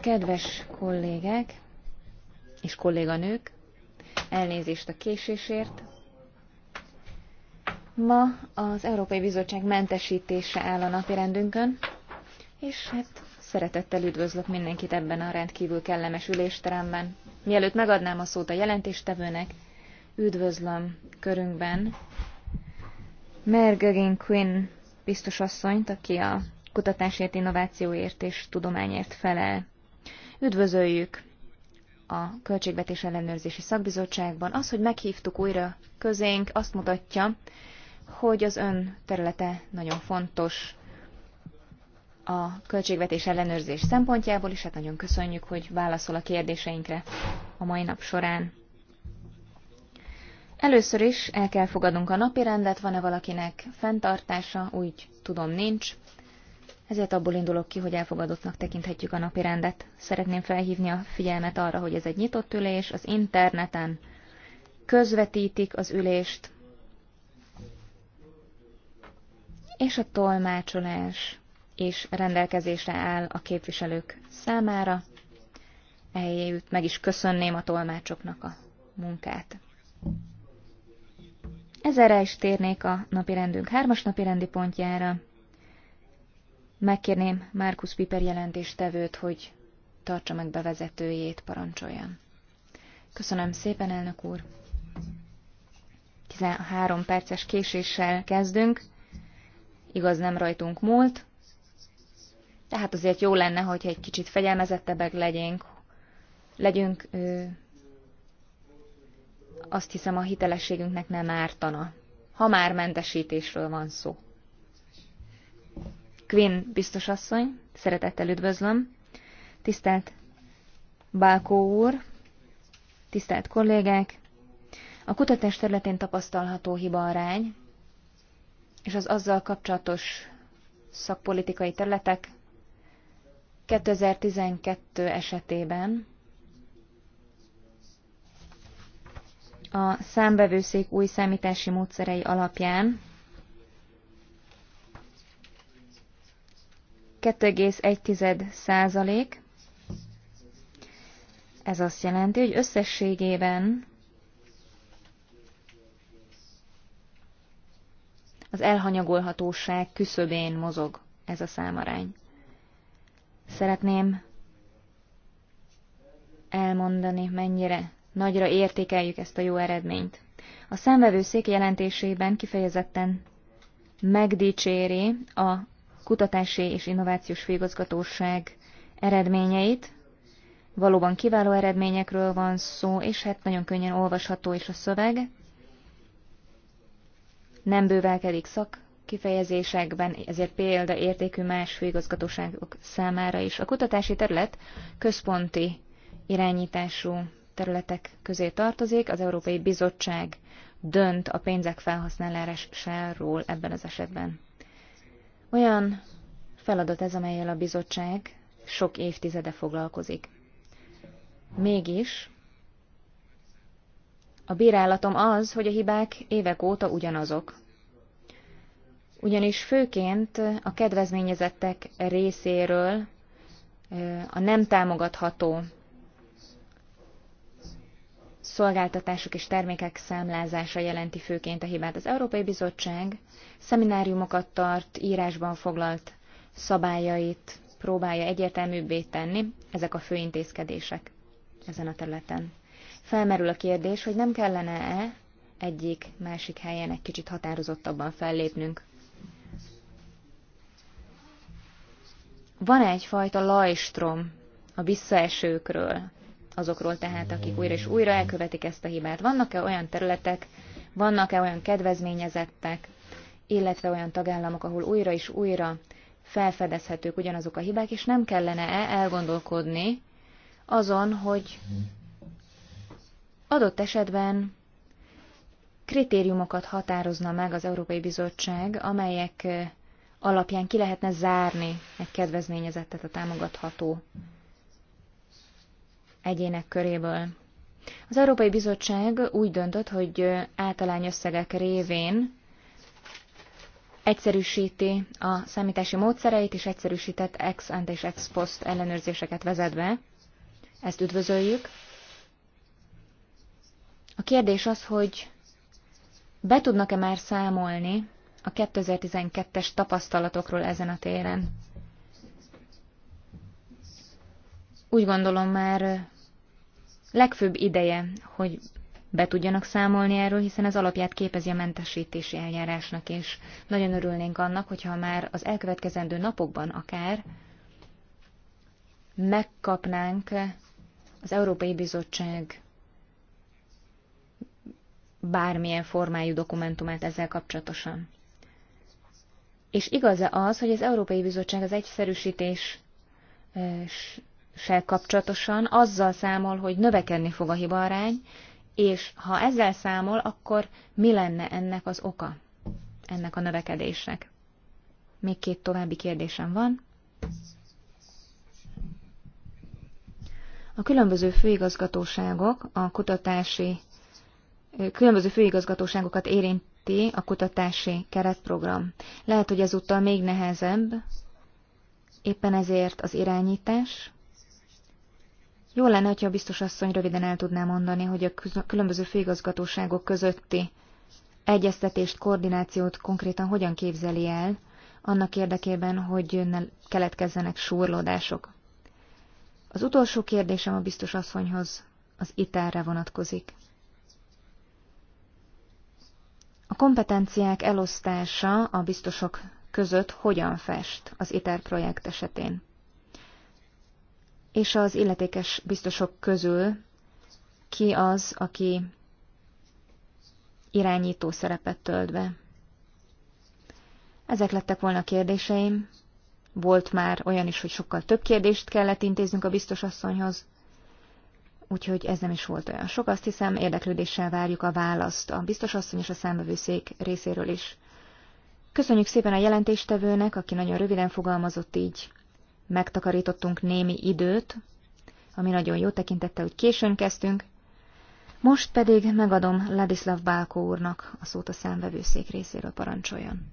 Kedves kollégák és kolléganők, elnézést a késésért. Ma az Európai Bizottság mentesítése áll a napirendünkön, és hát szeretettel üdvözlök mindenkit ebben a rendkívül kellemes ülésteremben. Mielőtt megadnám a szót a jelentéstevőnek, üdvözlöm körünkben Mergögin Quinn biztos asszonyt, aki a kutatásért, innovációért és tudományért felel. Üdvözöljük a Költségvetés Ellenőrzési Szakbizottságban. Az, hogy meghívtuk újra közénk, azt mutatja, hogy az ön területe nagyon fontos a költségvetés ellenőrzés szempontjából, és hát nagyon köszönjük, hogy válaszol a kérdéseinkre a mai nap során. Először is el kell fogadnunk a napi rendet, van-e valakinek fenntartása, úgy tudom nincs ezért abból indulok ki, hogy elfogadottnak tekinthetjük a napi rendet. Szeretném felhívni a figyelmet arra, hogy ez egy nyitott ülés, az interneten közvetítik az ülést, és a tolmácsolás is rendelkezésre áll a képviselők számára. Eljött meg is köszönném a tolmácsoknak a munkát. Ezerre is térnék a napirendünk hármas napirendi pontjára. Megkérném Márkusz Piper jelentéstevőt, hogy tartsa meg bevezetőjét, parancsoljon. Köszönöm szépen, elnök úr. 13 perces késéssel kezdünk. Igaz, nem rajtunk múlt. Tehát azért jó lenne, hogyha egy kicsit fegyelmezettebbek legyünk. Legyünk, ö, azt hiszem a hitelességünknek nem ártana. Ha már mentesítésről van szó. Quinn biztosasszony, szeretettel üdvözlöm. Tisztelt Bálkó úr, tisztelt kollégák, a kutatás területén tapasztalható arány és az azzal kapcsolatos szakpolitikai területek 2012 esetében a számbevőszék új számítási módszerei alapján 2,1 százalék. Ez azt jelenti, hogy összességében az elhanyagolhatóság küszöbén mozog ez a számarány. Szeretném elmondani, mennyire nagyra értékeljük ezt a jó eredményt. A számvevőszék jelentésében kifejezetten megdicséri a kutatási és innovációs főigazgatóság eredményeit. Valóban kiváló eredményekről van szó, és hát nagyon könnyen olvasható is a szöveg. Nem bővelkedik szak kifejezésekben, ezért példaértékű más főigazgatóságok számára is. A kutatási terület központi irányítású területek közé tartozik, az Európai Bizottság dönt a pénzek felhasználásáról ebben az esetben. Olyan feladat ez, amelyel a bizottság sok évtizede foglalkozik. Mégis a bírálatom az, hogy a hibák évek óta ugyanazok. Ugyanis főként a kedvezményezettek részéről a nem támogatható szolgáltatások és termékek számlázása jelenti főként a hibát. Az Európai Bizottság szemináriumokat tart, írásban foglalt szabályait próbálja egyértelműbbé tenni, ezek a fő intézkedések ezen a területen. Felmerül a kérdés, hogy nem kellene-e egyik másik helyen egy kicsit határozottabban fellépnünk. Van egyfajta lajstrom a visszaesőkről, azokról tehát, akik újra és újra elkövetik ezt a hibát. Vannak-e olyan területek, vannak-e olyan kedvezményezettek, illetve olyan tagállamok, ahol újra és újra felfedezhetők ugyanazok a hibák, és nem kellene-e elgondolkodni azon, hogy adott esetben kritériumokat határozna meg az Európai Bizottság, amelyek alapján ki lehetne zárni egy kedvezményezettet a támogatható egyének köréből. Az Európai Bizottság úgy döntött, hogy általány összegek révén egyszerűsíti a számítási módszereit, és egyszerűsített ex ante és ex post ellenőrzéseket vezet be. Ezt üdvözöljük. A kérdés az, hogy be tudnak-e már számolni a 2012-es tapasztalatokról ezen a téren? Úgy gondolom már legfőbb ideje, hogy be tudjanak számolni erről, hiszen ez alapját képezi a mentesítési eljárásnak, és nagyon örülnénk annak, hogyha már az elkövetkezendő napokban akár megkapnánk az Európai Bizottság bármilyen formájú dokumentumát ezzel kapcsolatosan. És igaz-e az, hogy az Európai Bizottság az egyszerűsítés sel kapcsolatosan azzal számol, hogy növekedni fog a hibaarány, és ha ezzel számol, akkor mi lenne ennek az oka, ennek a növekedésnek? Még két további kérdésem van. A különböző főigazgatóságok a kutatási különböző főigazgatóságokat érinti a kutatási keretprogram. Lehet, hogy ezúttal még nehezebb, éppen ezért az irányítás, jó lenne, hogyha a biztos asszony röviden el tudná mondani, hogy a különböző főigazgatóságok közötti egyeztetést, koordinációt konkrétan hogyan képzeli el, annak érdekében, hogy ne keletkezzenek súrlódások. Az utolsó kérdésem a biztos asszonyhoz az iter vonatkozik. A kompetenciák elosztása a biztosok között hogyan fest az ITER projekt esetén? és az illetékes biztosok közül ki az, aki irányító szerepet tölt be. Ezek lettek volna a kérdéseim. Volt már olyan is, hogy sokkal több kérdést kellett intéznünk a biztos asszonyhoz, úgyhogy ez nem is volt olyan sok. Azt hiszem, érdeklődéssel várjuk a választ a biztos asszony és a számövőszék részéről is. Köszönjük szépen a jelentéstevőnek, aki nagyon röviden fogalmazott így megtakarítottunk némi időt, ami nagyon jó tekintette, hogy későn kezdtünk. Most pedig megadom Ladislav Bálkó úrnak a szót a számvevőszék részéről parancsoljon.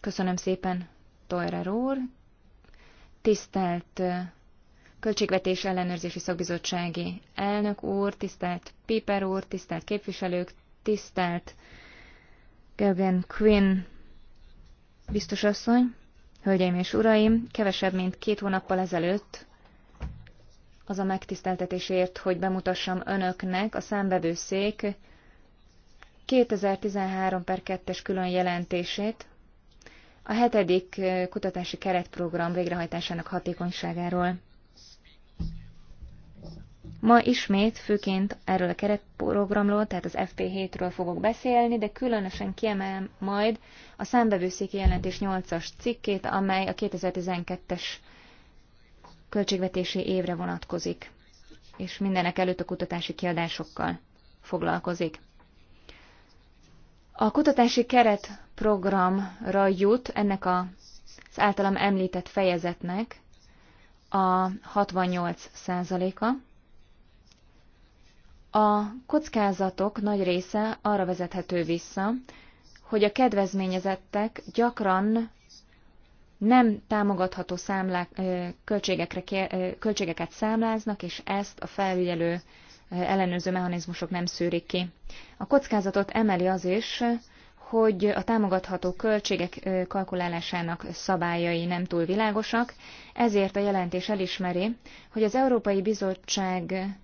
Köszönöm szépen, Toyrer úr. Tisztelt Költségvetés ellenőrzési szakbizottsági elnök úr, tisztelt Piper úr, tisztelt képviselők, tisztelt Gergen Quinn biztosasszony. Hölgyeim és uraim, kevesebb, mint két hónappal ezelőtt az a megtiszteltetésért, hogy bemutassam önöknek a számbevőszék 2013 per 2-es külön jelentését a hetedik eh, kutatási keretprogram végrehajtásának hatékonyságáról. Ma ismét főként erről a keretprogramról, tehát az FP7-ről fogok beszélni, de különösen kiemel majd a számbevőszéki jelentés 8-as cikkét, amely a 2012-es költségvetési évre vonatkozik, és mindenek előtt a kutatási kiadásokkal foglalkozik. A kutatási keretprogramra jut ennek az általam említett fejezetnek a 68 százaléka, a kockázatok nagy része arra vezethető vissza, hogy a kedvezményezettek gyakran nem támogatható számlák, költségekre, költségeket számláznak, és ezt a felügyelő ellenőrző mechanizmusok nem szűrik ki. A kockázatot emeli az is, hogy a támogatható költségek kalkulálásának szabályai nem túl világosak, ezért a jelentés elismeri, hogy az Európai Bizottság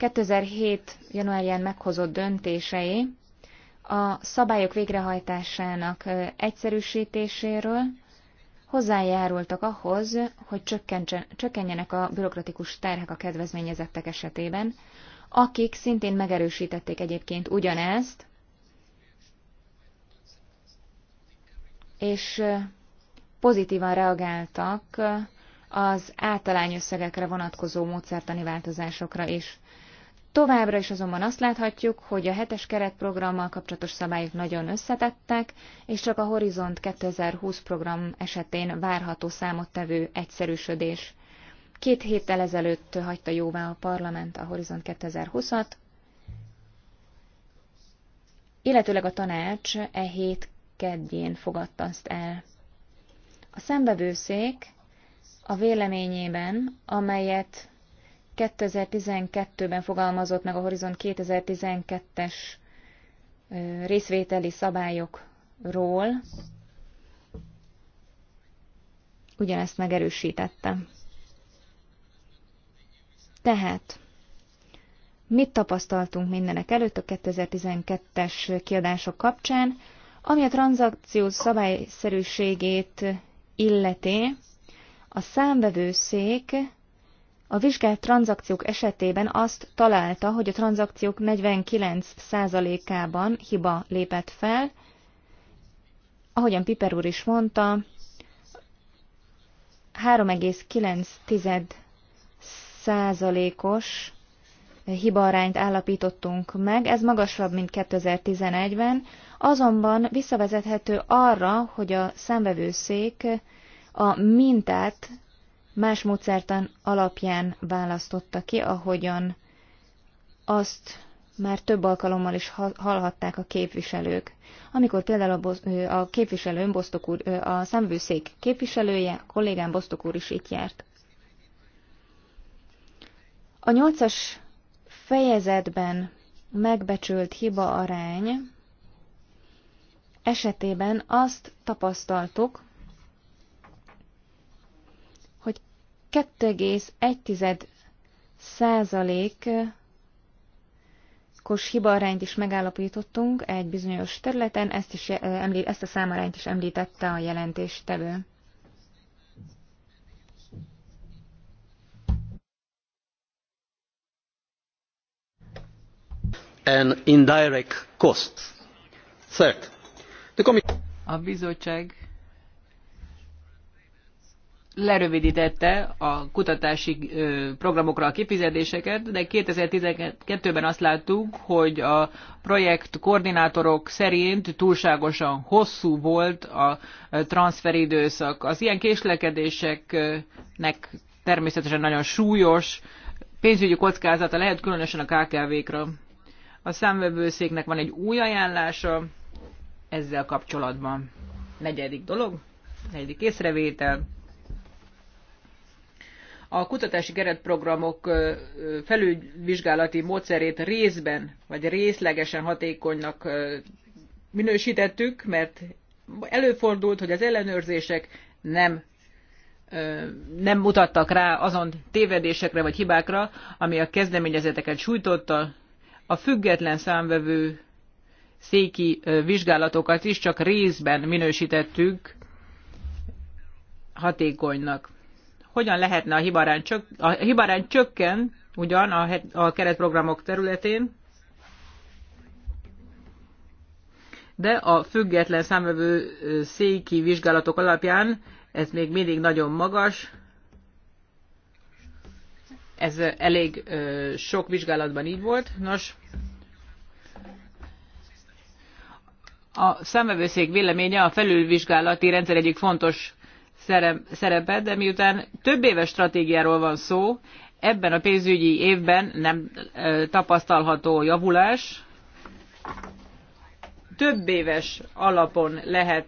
2007. januárján meghozott döntései a szabályok végrehajtásának egyszerűsítéséről hozzájárultak ahhoz, hogy csökkenjenek a bürokratikus terhek a kedvezményezettek esetében, akik szintén megerősítették egyébként ugyanezt, és pozitívan reagáltak az általány összegekre vonatkozó módszertani változásokra is. Továbbra is azonban azt láthatjuk, hogy a hetes keretprogrammal kapcsolatos szabályok nagyon összetettek, és csak a Horizont 2020 program esetén várható számottevő egyszerűsödés. Két héttel ezelőtt hagyta jóvá a parlament a Horizont 2020-at, illetőleg a tanács e hét keddjén fogadta azt el. A szembevőszék a véleményében, amelyet 2012-ben fogalmazott meg a Horizon 2012-es részvételi szabályokról, ugyanezt megerősítette. Tehát, mit tapasztaltunk mindenek előtt a 2012-es kiadások kapcsán, ami a tranzakció szabályszerűségét illeti, a számbevőszék a vizsgált tranzakciók esetében azt találta, hogy a tranzakciók 49%-ában hiba lépett fel. Ahogyan Piper úr is mondta, 3,9%-os hibarányt állapítottunk meg, ez magasabb, mint 2011-ben, azonban visszavezethető arra, hogy a számvevőszék a mintát más módszertan alapján választotta ki, ahogyan azt már több alkalommal is hallhatták a képviselők. Amikor például a, a Bosztok úr, a szemvőszék képviselője, a kollégám Bosztok úr is itt járt. A nyolcas fejezetben megbecsült hiba arány esetében azt tapasztaltuk, 2,1 kos hibarányt is megállapítottunk egy bizonyos területen, ezt, is, eh, ezt a számarányt is említette a jelentéstevő. An indirect costs. Third, a bizottság lerövidítette a kutatási programokra a kifizetéseket, de 2012-ben azt láttuk, hogy a projekt koordinátorok szerint túlságosan hosszú volt a transferidőszak. Az ilyen késlekedéseknek természetesen nagyon súlyos pénzügyi kockázata lehet, különösen a KKV-kra. A számvevőszéknek van egy új ajánlása ezzel kapcsolatban. Negyedik dolog, negyedik észrevétel a kutatási keretprogramok felülvizsgálati módszerét részben vagy részlegesen hatékonynak minősítettük, mert előfordult, hogy az ellenőrzések nem nem mutattak rá azon tévedésekre vagy hibákra, ami a kezdeményezeteket sújtotta. A független számvevő széki vizsgálatokat is csak részben minősítettük hatékonynak hogyan lehetne a hibarány, csök, a hibarány csökken ugyan a, a keretprogramok területén, de a független számövő széki vizsgálatok alapján ez még mindig nagyon magas. Ez elég ö, sok vizsgálatban így volt. Nos, a számvevőszék véleménye a felülvizsgálati rendszer egyik fontos szerepet, de miután több éves stratégiáról van szó, ebben a pénzügyi évben nem tapasztalható javulás. Több éves alapon lehet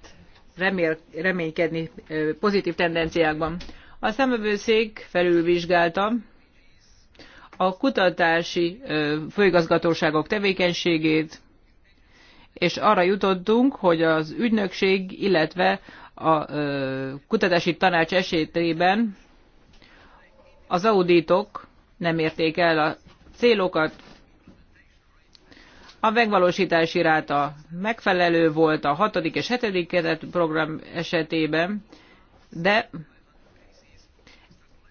remél, reménykedni pozitív tendenciákban. A szemövőszék felülvizsgálta a kutatási főigazgatóságok tevékenységét, és arra jutottunk, hogy az ügynökség, illetve a kutatási tanács esetében az auditok nem érték el a célokat, a megvalósítási ráta megfelelő volt a hatodik és hetedik keret program esetében, de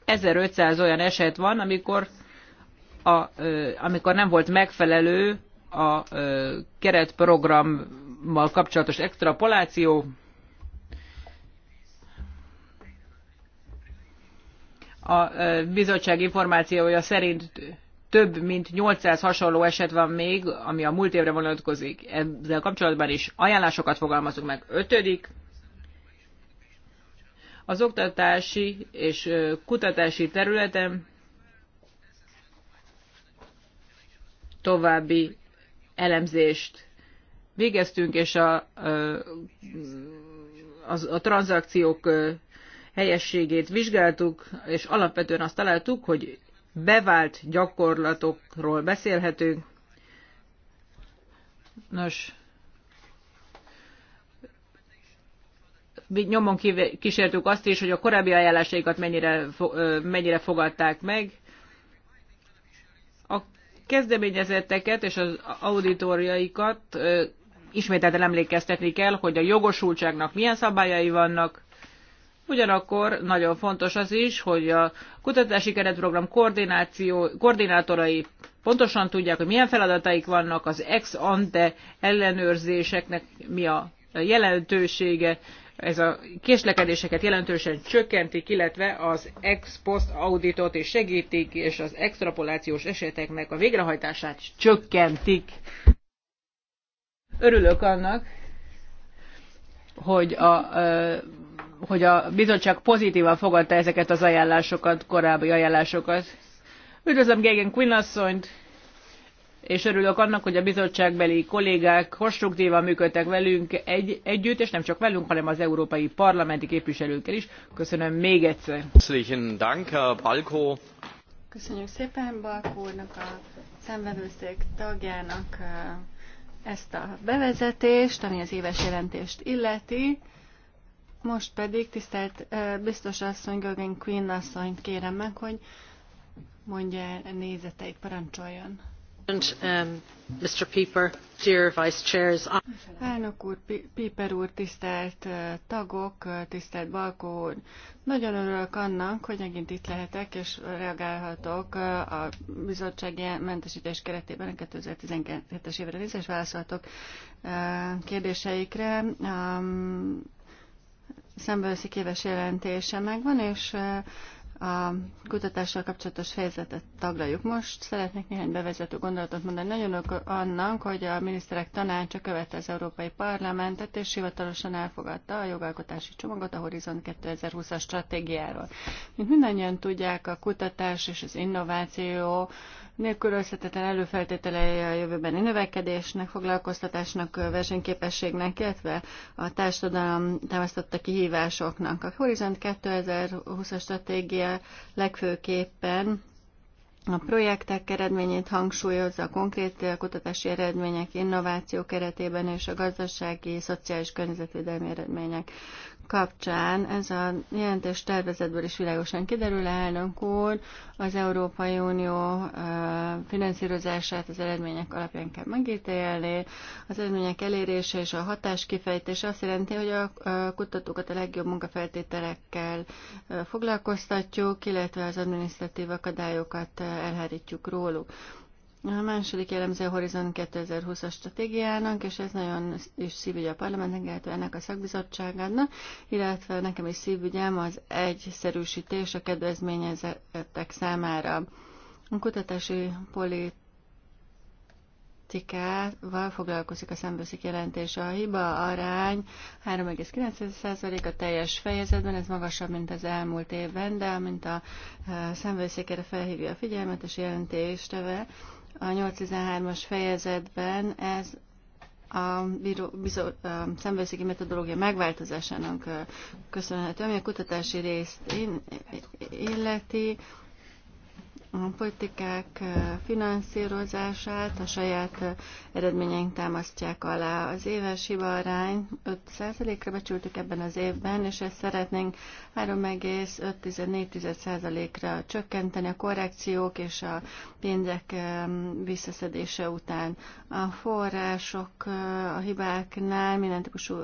1500 olyan eset van, amikor, a, amikor nem volt megfelelő a keretprogrammal kapcsolatos extrapoláció, A bizottság információja szerint több mint 800 hasonló eset van még, ami a múlt évre vonatkozik. Ezzel kapcsolatban is ajánlásokat fogalmazunk meg. Ötödik, az oktatási és kutatási területen további elemzést végeztünk, és a, a, a tranzakciók helyességét vizsgáltuk, és alapvetően azt találtuk, hogy bevált gyakorlatokról beszélhetünk. Nos, mi nyomon kísértük azt is, hogy a korábbi ajánlásaikat mennyire, mennyire fogadták meg. A kezdeményezetteket és az auditoriaikat ismételten emlékeztetni kell, hogy a jogosultságnak milyen szabályai vannak, Ugyanakkor nagyon fontos az is, hogy a kutatási keretprogram koordináció, koordinátorai pontosan tudják, hogy milyen feladataik vannak, az ex-ante ellenőrzéseknek mi a jelentősége, ez a késlekedéseket jelentősen csökkentik, illetve az ex post auditot is segítik, és az extrapolációs eseteknek a végrehajtását csökkentik. Örülök annak, hogy a hogy a bizottság pozitívan fogadta ezeket az ajánlásokat, korábbi ajánlásokat. Üdvözlöm Gégen Quinn asszonyt, és örülök annak, hogy a bizottságbeli kollégák konstruktívan működtek velünk egy, együtt, és nem csak velünk, hanem az európai parlamenti képviselőkkel is. Köszönöm még egyszer. Köszönjük szépen Balkó úrnak, a szemvevőszék tagjának ezt a bevezetést, ami az éves jelentést illeti. Most pedig tisztelt biztos asszony, Gögen Queen asszonyt kérem meg, hogy mondja el nézeteit, parancsoljon. Mr. Um, Pieper, dear Vice Chairs. Elnök úr, Piper úr, tisztelt tagok, tisztelt Balkó úr. Nagyon örülök annak, hogy megint itt lehetek, és reagálhatok a bizottsági mentesítés keretében a 2017 es évre nézve, válaszolhatok kérdéseikre. Um, szembeveszik éves jelentése megvan, és a kutatással kapcsolatos fejezetet taglaljuk. Most szeretnék néhány bevezető gondolatot mondani. Nagyon örülök annak, hogy a miniszterek tanácsa követte az Európai Parlamentet, és hivatalosan elfogadta a jogalkotási csomagot a Horizon 2020-as stratégiáról. Mint mindannyian tudják, a kutatás és az innováció nélkülözhetetlen előfeltételei a jövőbeni növekedésnek, foglalkoztatásnak, versenyképességnek, illetve a társadalom támasztotta kihívásoknak. A Horizont 2020-as stratégia legfőképpen a projektek eredményét hangsúlyozza a konkrét kutatási eredmények, innováció keretében és a gazdasági, szociális környezetvédelmi eredmények kapcsán ez a jelentés tervezetből is világosan kiderül, elnök úr, az Európai Unió finanszírozását az eredmények alapján kell megítélni. Az eredmények elérése és a hatás kifejtése azt jelenti, hogy a kutatókat a legjobb munkafeltételekkel foglalkoztatjuk, illetve az administratív akadályokat elhárítjuk róluk. A második jellemző a Horizon 2020-as stratégiának, és ez nagyon is szívügy a parlamentnek, illetve ennek a szakbizottságának, illetve nekem is szívügyem az egyszerűsítés a kedvezményezettek számára. A kutatási politikával foglalkozik a szemböszik jelentése. A hiba arány 3,9% a teljes fejezetben, ez magasabb, mint az elmúlt évben, de mint a szemböszikére felhívja a figyelmet és jelentésteve, a 813-as fejezetben ez a, bíró, bizó, a szemvőszéki metodológia megváltozásának köszönhető, ami a kutatási részt illeti a politikák finanszírozását a saját eredményeink támasztják alá. Az éves hiba arány 5%-ra becsültük ebben az évben, és ezt szeretnénk 3,5-4%-ra csökkenteni a korrekciók és a pénzek visszaszedése után. A források a hibáknál, minden típusú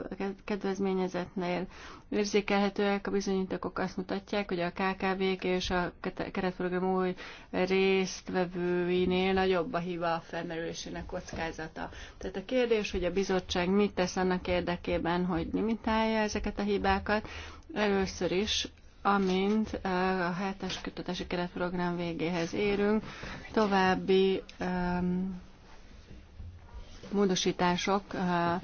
kedvezményezetnél érzékelhetőek, a bizonyítékok azt mutatják, hogy a KKV-k és a keretprogram új résztvevőinél nagyobb a hiba felmerülésének kockázata. Tehát a kérdés, hogy a bizottság mit tesz annak érdekében, hogy limitálja ezeket a hibákat, először is amint eh, a hetes kötetési keretprogram végéhez érünk, további um, módosítások eh,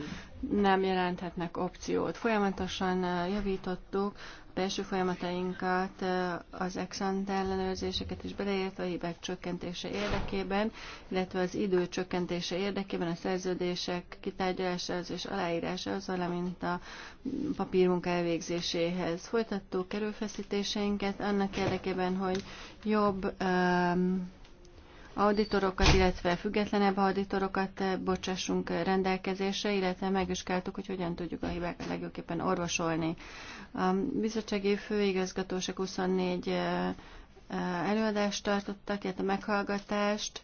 nem jelenthetnek opciót. Folyamatosan javítottuk a belső folyamatainkat, az exante ellenőrzéseket is beleértve a hibák csökkentése érdekében, illetve az idő csökkentése érdekében a szerződések kitárgyalásához és aláírásához, valamint a papírmunka elvégzéséhez. Folytattuk erőfeszítéseinket annak érdekében, hogy jobb um, auditorokat, illetve függetlenebb auditorokat eh, bocsássunk eh, rendelkezésre, illetve megvizsgáltuk, hogy hogyan tudjuk a hibákat legjobbképpen orvosolni. A bizottsági főigazgatóság 24 eh, előadást tartottak, illetve meghallgatást,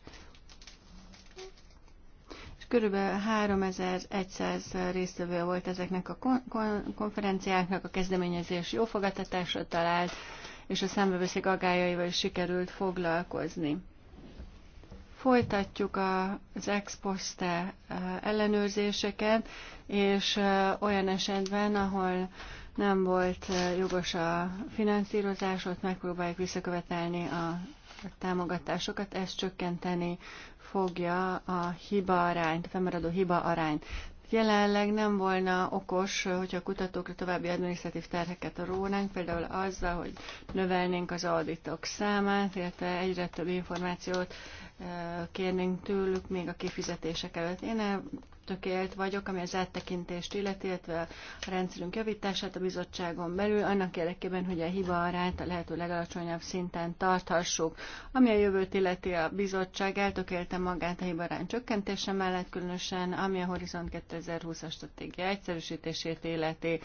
és körülbelül 3100 résztvevő volt ezeknek a konferenciáknak, a kezdeményezés jó fogadtatásra talált, és a számbevőszék agályaival is sikerült foglalkozni. Folytatjuk az ex poste e, ellenőrzéseket, és e, olyan esetben, ahol nem volt e, jogos a finanszírozás, ott megpróbáljuk visszakövetelni a támogatásokat, ez csökkenteni fogja a hiba arányt, a fennmaradó hiba arányt. Jelenleg nem volna okos, hogyha a kutatókra további adminisztratív terheket rónánk, például azzal, hogy növelnénk az auditok számát, illetve egyre több információt kérnénk tőlük még a kifizetések előtt. Én e tökélt vagyok, ami az áttekintést illeti, illetve a rendszerünk javítását a bizottságon belül, annak érdekében, hogy a hiba arányt a lehető legalacsonyabb szinten tarthassuk. Ami a jövőt illeti a bizottság, eltökélte magát a hiba arány csökkentése mellett, különösen ami a Horizont 2020-as stratégia egyszerűsítését illeti.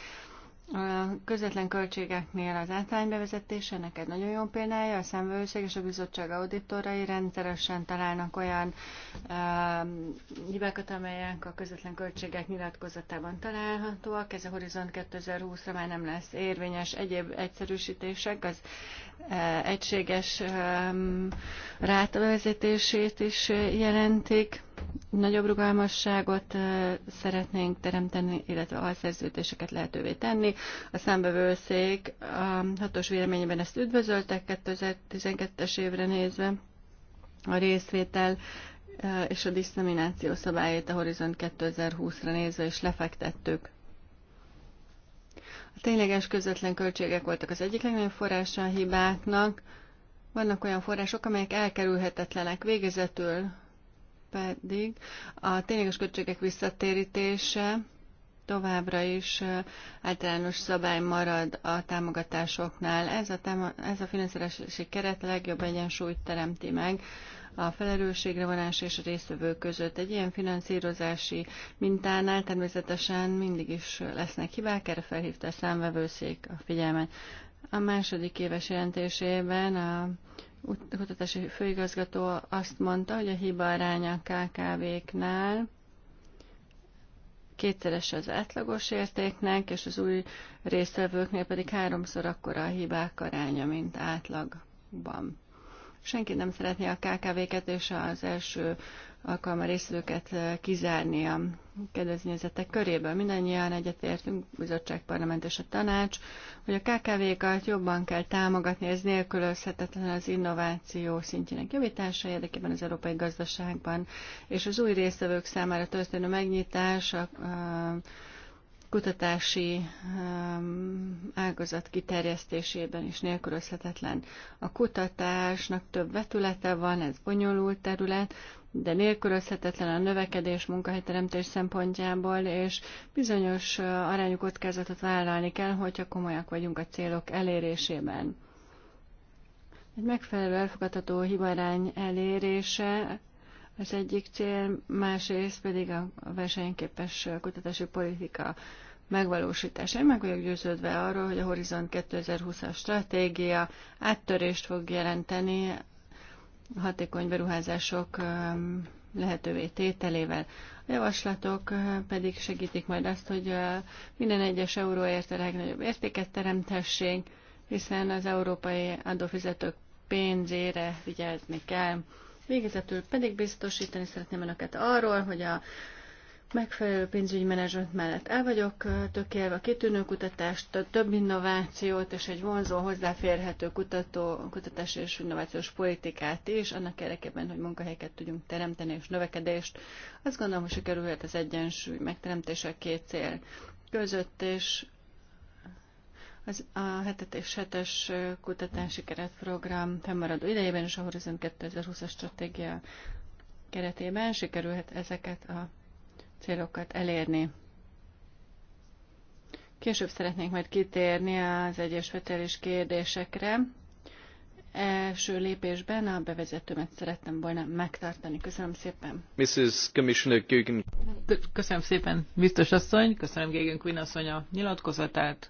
A közvetlen költségeknél az általány bevezetése neked nagyon jó példája, a szemvőszeg és a bizottság auditorai rendszeresen találnak olyan uh, hibákat, amelyek a közvetlen költségek nyilatkozatában találhatóak. Ez a Horizont 2020-ra már nem lesz érvényes egyéb egyszerűsítések, az uh, egységes um, rátavezetését is uh, jelentik Nagyobb rugalmasságot szeretnénk teremteni, illetve a szerződéseket lehetővé tenni. A számbevőszék a hatos véleményében ezt üdvözöltek 2012-es évre nézve. A részvétel és a diszemináció szabályait a Horizont 2020-ra nézve is lefektettük. A tényleges közvetlen költségek voltak az egyik legnagyobb forrása a hibáknak. Vannak olyan források, amelyek elkerülhetetlenek. Végezetül pedig a tényleges költségek visszatérítése továbbra is általános szabály marad a támogatásoknál. Ez a, táma- ez a finanszírozási keret legjobb egyensúlyt teremti meg a felelősségre vonás és a résztvevő között. Egy ilyen finanszírozási mintánál természetesen mindig is lesznek hibák, erre felhívta a számvevőszék a figyelmet. A második éves jelentésében a kutatási főigazgató azt mondta, hogy a hiba aránya a KKV-knál kétszeres az átlagos értéknek, és az új résztvevőknél pedig háromszor akkora a hibák aránya, mint átlagban. Senki nem szeretné a KKV-ket és az első alkalma részlőket kizárni a kedvezményezettek köréből. Mindannyian egyetértünk, bizottság, parlament és a tanács, hogy a KKV-kat jobban kell támogatni, ez nélkülözhetetlen az innováció szintjének javítása érdekében az európai gazdaságban, és az új résztvevők számára történő megnyitás, a, a kutatási ehm, ágazat kiterjesztésében is nélkülözhetetlen. A kutatásnak több vetülete van, ez bonyolult terület, de nélkülözhetetlen a növekedés munkahelyteremtés szempontjából, és bizonyos eh, arányú kockázatot vállalni kell, hogyha komolyak vagyunk a célok elérésében. Egy megfelelő elfogadható hibarány elérése az egyik cél, másrészt pedig a versenyképes kutatási politika megvalósítása. Én meg vagyok győződve arról, hogy a Horizont 2020-as stratégia áttörést fog jelenteni hatékony beruházások lehetővé tételével. A javaslatok pedig segítik majd azt, hogy minden egyes euróért a legnagyobb értéket teremtessénk, hiszen az európai adófizetők pénzére figyelni kell. Végezetül pedig biztosítani szeretném önöket arról, hogy a megfelelő pénzügyi menedzsment mellett el vagyok tökélve a kitűnő kutatást, több innovációt és egy vonzó hozzáférhető kutató, kutatás és innovációs politikát is, annak érdekében, hogy munkahelyeket tudjunk teremteni és növekedést. Azt gondolom, hogy sikerülhet az egyensúly megteremtése a két cél között, és az a 7 és 7-es kutatási keretprogram fennmaradó idejében és a Horizon 2020-as stratégia keretében sikerülhet ezeket a célokat elérni. Később szeretnék majd kitérni az egyes speciális kérdésekre. Első lépésben a bevezetőmet szerettem volna megtartani. Köszönöm szépen. Mrs. Commissioner Gögen. Köszönöm szépen, biztos asszony. Köszönöm Gégen Quinn asszony a nyilatkozatát.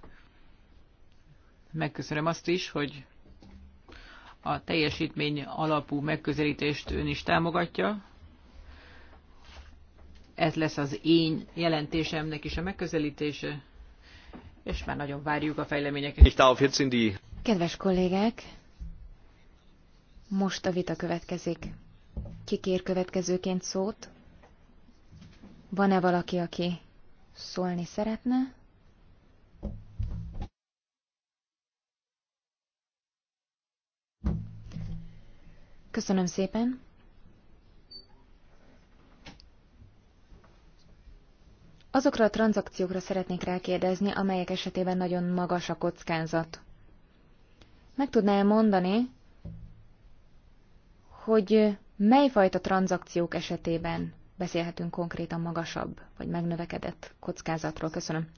Megköszönöm azt is, hogy a teljesítmény alapú megközelítést ön is támogatja. Ez lesz az én jelentésemnek is a megközelítése, és már nagyon várjuk a fejleményeket. Kedves kollégák, most a vita következik. Ki kér következőként szót? Van-e valaki, aki szólni szeretne? Köszönöm szépen. Azokra a tranzakciókra szeretnék rákérdezni, amelyek esetében nagyon magas a kockázat. Meg tudná -e mondani, hogy mely fajta tranzakciók esetében beszélhetünk konkrétan magasabb vagy megnövekedett kockázatról? Köszönöm.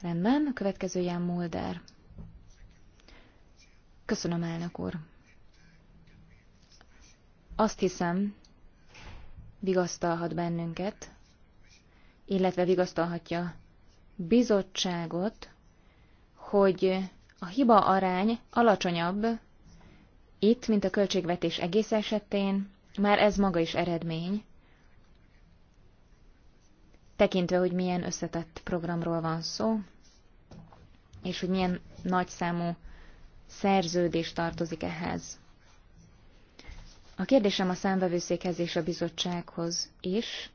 Rendben, a következő Ján Mulder. Köszönöm, elnök úr. Azt hiszem, vigasztalhat bennünket, illetve vigasztalhatja bizottságot, hogy a hiba arány alacsonyabb itt, mint a költségvetés egész esetén, már ez maga is eredmény, tekintve, hogy milyen összetett programról van szó, és hogy milyen nagyszámú szerződés tartozik ehhez. A kérdésem a számvevőszékhez és a bizottsághoz is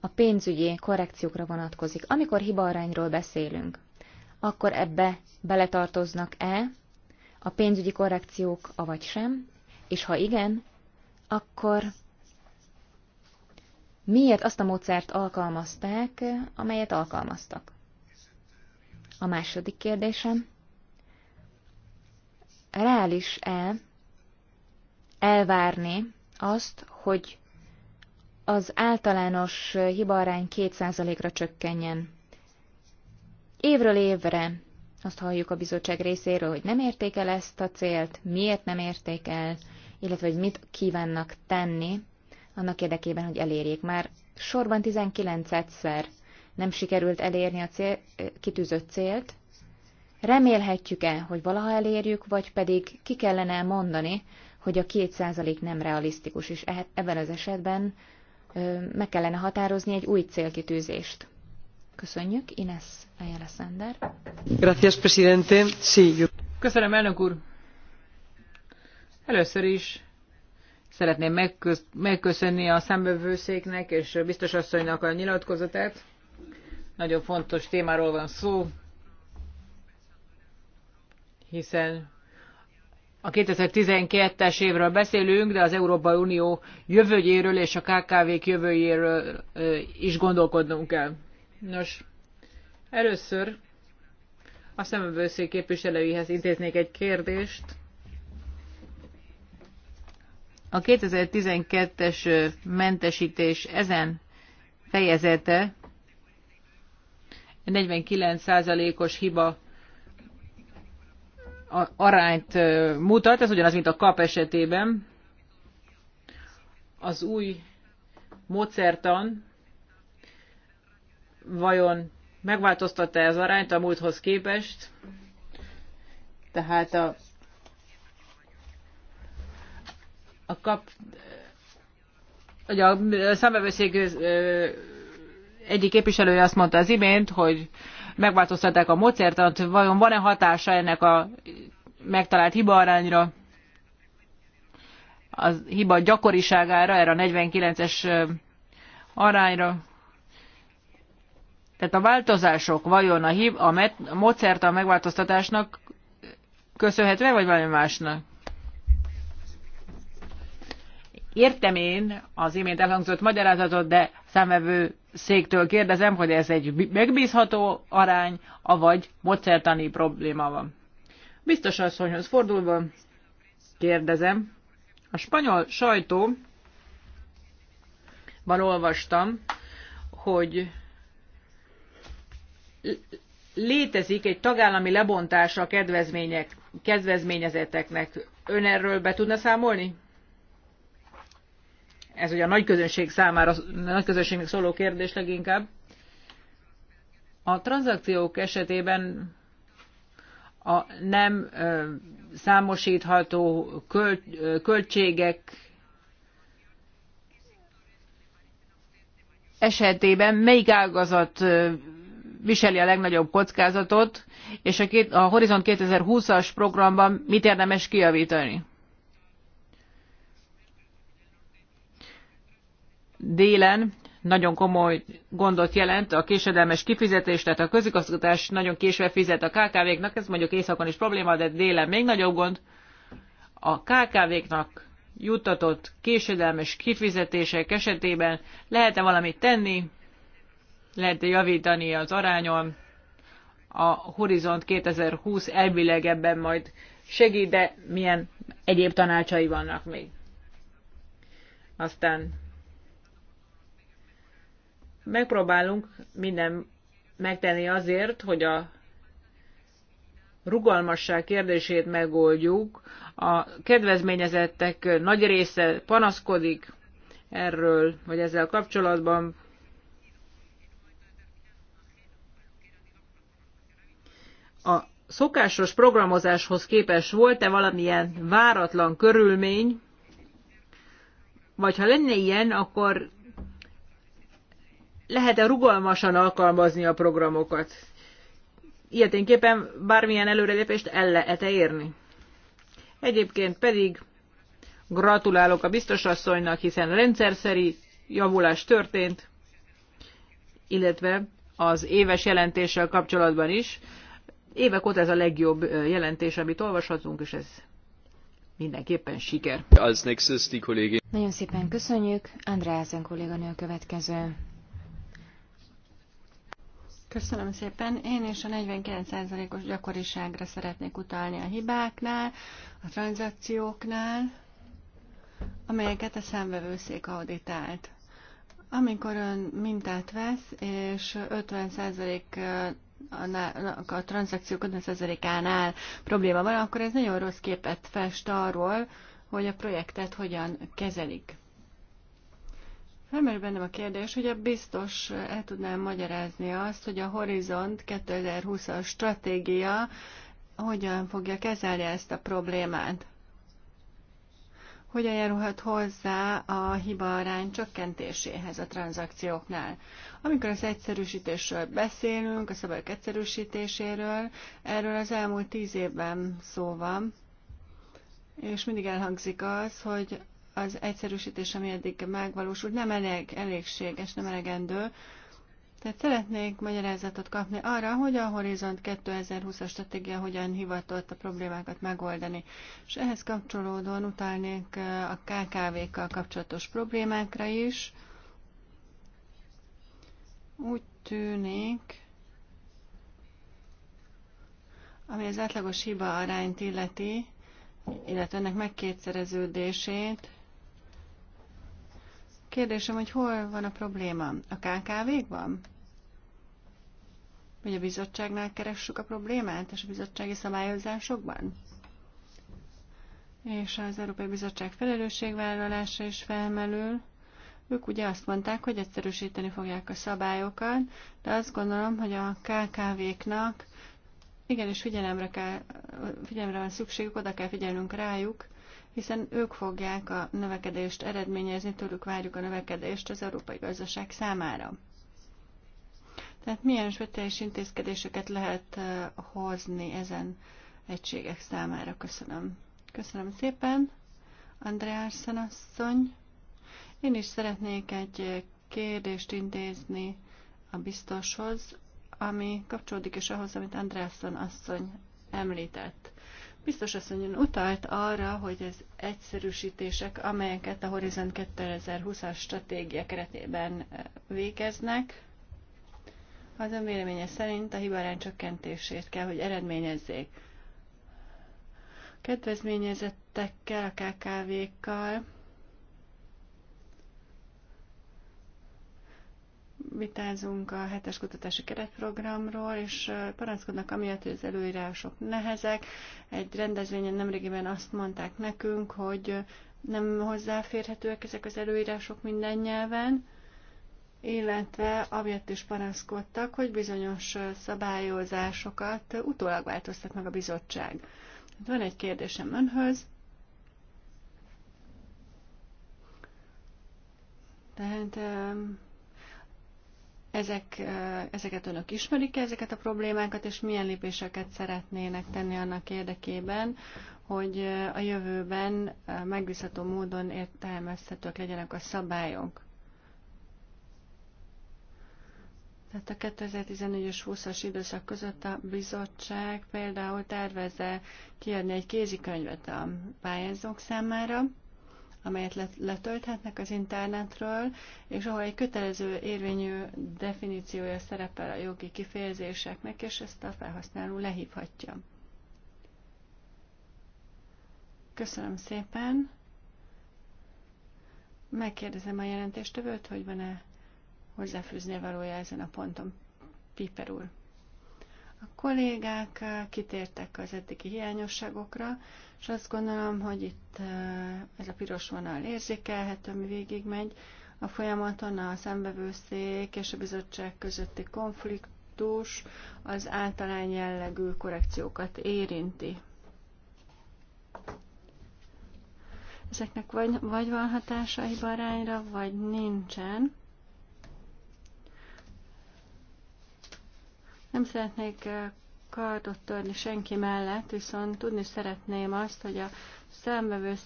a pénzügyi korrekciókra vonatkozik. Amikor hibaarányról beszélünk, akkor ebbe beletartoznak-e a pénzügyi korrekciók, avagy sem? És ha igen, akkor miért azt a módszert alkalmazták, amelyet alkalmaztak? A második kérdésem. Reális-e elvárni azt, hogy az általános hibarány 2%-ra csökkenjen. Évről évre azt halljuk a bizottság részéről, hogy nem érték el ezt a célt, miért nem érték el, illetve hogy mit kívánnak tenni annak érdekében, hogy elérjék. Már sorban 19-szer nem sikerült elérni a cél, kitűzött célt. Remélhetjük-e, hogy valaha elérjük, vagy pedig ki kellene mondani, hogy a két százalék nem realisztikus, és e- ebben az esetben meg kellene határozni egy új célkitűzést. Köszönjük, Ines Ayala-Sander. Gracias, presidente. Sí, yo... Köszönöm, elnök úr. Először is szeretném megköszönni a szembevőszéknek és biztos asszonynak a nyilatkozatát. Nagyon fontos témáról van szó, hiszen a 2012-es évről beszélünk, de az Európai Unió jövőjéről és a KKV-k jövőjéről is gondolkodnunk kell. Nos, először a szemövőszék képviselőihez intéznék egy kérdést. A 2012-es mentesítés ezen fejezete 49%-os hiba arányt mutat, ez ugyanaz, mint a kap esetében. Az új módszertan vajon megváltoztatta ez arányt a múlthoz képest, tehát a, a kap ugye a számbevőszék egyik képviselője azt mondta az imént, hogy megváltoztatták a módszertant, vajon van-e hatása ennek a megtalált hiba arányra, a hiba gyakoriságára, erre a 49-es arányra. Tehát a változások vajon a, hib, a, met, a a megváltoztatásnak köszönhetve, vagy valami másnak? Értem én az imént elhangzott magyarázatot, de számvevő széktől kérdezem, hogy ez egy megbízható arány, avagy módszertani probléma van. Biztos asszonyhoz fordulva kérdezem, a spanyol sajtóban olvastam, hogy létezik egy tagállami lebontása a kedvezmények, kedvezményezeteknek. Ön erről be tudna számolni? Ez ugye a nagy közönség számára, a nagy közönségnek szóló kérdés leginkább. A tranzakciók esetében a nem számosítható költségek esetében melyik ágazat viseli a legnagyobb kockázatot, és a, két, a Horizont 2020-as programban mit érdemes kijavítani? Délen nagyon komoly gondot jelent a késedelmes kifizetés, tehát a közigazgatás nagyon késve fizet a KKV-knak, ez mondjuk északon is probléma, de délen még nagyobb gond. A KKV-knak juttatott késedelmes kifizetések esetében lehet-e valamit tenni, lehet-e javítani az arányon, a Horizont 2020 elvileg ebben majd segít, de milyen egyéb tanácsai vannak még. Aztán megpróbálunk minden megtenni azért, hogy a rugalmasság kérdését megoldjuk. A kedvezményezettek nagy része panaszkodik erről, vagy ezzel kapcsolatban. A szokásos programozáshoz képes volt-e valamilyen váratlan körülmény, vagy ha lenne ilyen, akkor lehet-e rugalmasan alkalmazni a programokat? Ilyeténképpen bármilyen előrelépést el lehet-e érni? Egyébként pedig gratulálok a biztosasszonynak, hiszen rendszerszeri javulás történt, illetve az éves jelentéssel kapcsolatban is. Évek óta ez a legjobb jelentés, amit olvashatunk, és ez mindenképpen siker. Nagyon szépen köszönjük. Andreasen kolléganő a következő. Köszönöm szépen. Én is a 49%-os gyakoriságra szeretnék utalni a hibáknál, a tranzakcióknál, amelyeket a számvevőszék auditált. Amikor ön mintát vesz, és 50% a, a tranzakciók 50%-ánál probléma van, akkor ez nagyon rossz képet fest arról, hogy a projektet hogyan kezelik. Felmerül bennem a kérdés, hogy a biztos el tudnám magyarázni azt, hogy a Horizont 2020-as stratégia hogyan fogja kezelni ezt a problémát. Hogyan járulhat hozzá a hiba arány csökkentéséhez a tranzakcióknál? Amikor az egyszerűsítésről beszélünk, a szabályok egyszerűsítéséről, erről az elmúlt tíz évben szó van, és mindig elhangzik az, hogy az egyszerűsítés, ami eddig megvalósult, nem elég, elégséges, nem elegendő. Tehát szeretnék magyarázatot kapni arra, hogy a Horizont 2020-as stratégia hogyan hivatott a problémákat megoldani. És ehhez kapcsolódóan utalnék a KKV-kkal kapcsolatos problémákra is. Úgy tűnik, ami az átlagos hiba arányt illeti, illetve ennek megkétszereződését, Kérdésem, hogy hol van a probléma? A KKV-kban? Vagy a bizottságnál keressük a problémát, és a bizottsági szabályozásokban? És az Európai Bizottság felelősségvállalása is felmelül. Ők ugye azt mondták, hogy egyszerűsíteni fogják a szabályokat, de azt gondolom, hogy a KKV-knak igenis figyelemre, kell, figyelemre van szükségük, oda kell figyelnünk rájuk, hiszen ők fogják a növekedést eredményezni, tőlük várjuk a növekedést az európai gazdaság számára. Tehát milyen speciális intézkedéseket lehet hozni ezen egységek számára? Köszönöm. Köszönöm szépen, Andreas asszony. Én is szeretnék egy kérdést intézni a biztoshoz, ami kapcsolódik is ahhoz, amit Andrászon asszony említett. Biztos asszonyon utalt arra, hogy az egyszerűsítések, amelyeket a Horizon 2020-as stratégia keretében eh, végeznek, az ön véleménye szerint a hibarány csökkentését kell, hogy eredményezzék. Kedvezményezettekkel, a KKV-kkal vitázunk a hetes kutatási keretprogramról, és panaszkodnak amiatt, hogy az előírások nehezek. Egy rendezvényen nemrégiben azt mondták nekünk, hogy nem hozzáférhetőek ezek az előírások minden nyelven, illetve amiatt is panaszkodtak, hogy bizonyos szabályozásokat utólag változtat meg a bizottság. Hát van egy kérdésem önhöz. Tehát ezek, ezeket önök ismerik -e, ezeket a problémákat, és milyen lépéseket szeretnének tenni annak érdekében, hogy a jövőben megbízható módon értelmezhetők legyenek a szabályok. Tehát a 2014-es 20-as időszak között a bizottság például tervezze kiadni egy kézikönyvet a pályázók számára, amelyet letölthetnek az internetről, és ahol egy kötelező érvényű definíciója szerepel a jogi kifejezéseknek, és ezt a felhasználó lehívhatja. Köszönöm szépen. Megkérdezem a jelentéstövőt, hogy van-e hozzáfűzni valója ezen a ponton. Piper úr. A kollégák eh, kitértek az eddigi hiányosságokra, és azt gondolom, hogy itt eh, ez a piros vonal érzékelhető, ami végigmegy. A folyamaton a szembevőszék és a bizottság közötti konfliktus az általán jellegű korrekciókat érinti. Ezeknek vagy, vagy van hatása hibarányra, vagy nincsen. Nem szeretnék eh, kardot törni senki mellett, viszont tudni szeretném azt, hogy a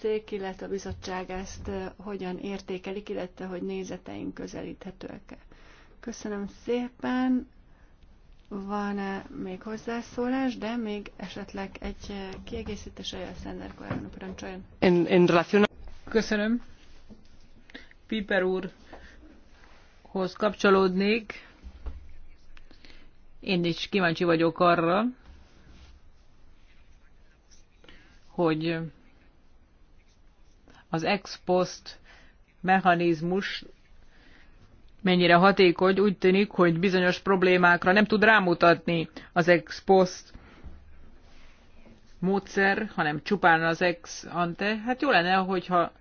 szék, illetve a bizottság ezt eh, hogyan értékelik, illetve hogy nézeteink közelíthetőek. Köszönöm szépen. Van-e még hozzászólás, de még esetleg egy eh, kiegészítés a Szender kollégának parancsoljon. Köszönöm. Piper úrhoz kapcsolódnék én is kíváncsi vagyok arra, hogy az ex post mechanizmus mennyire hatékony, úgy tűnik, hogy bizonyos problémákra nem tud rámutatni az ex post módszer, hanem csupán az ex ante. Hát jó lenne, hogyha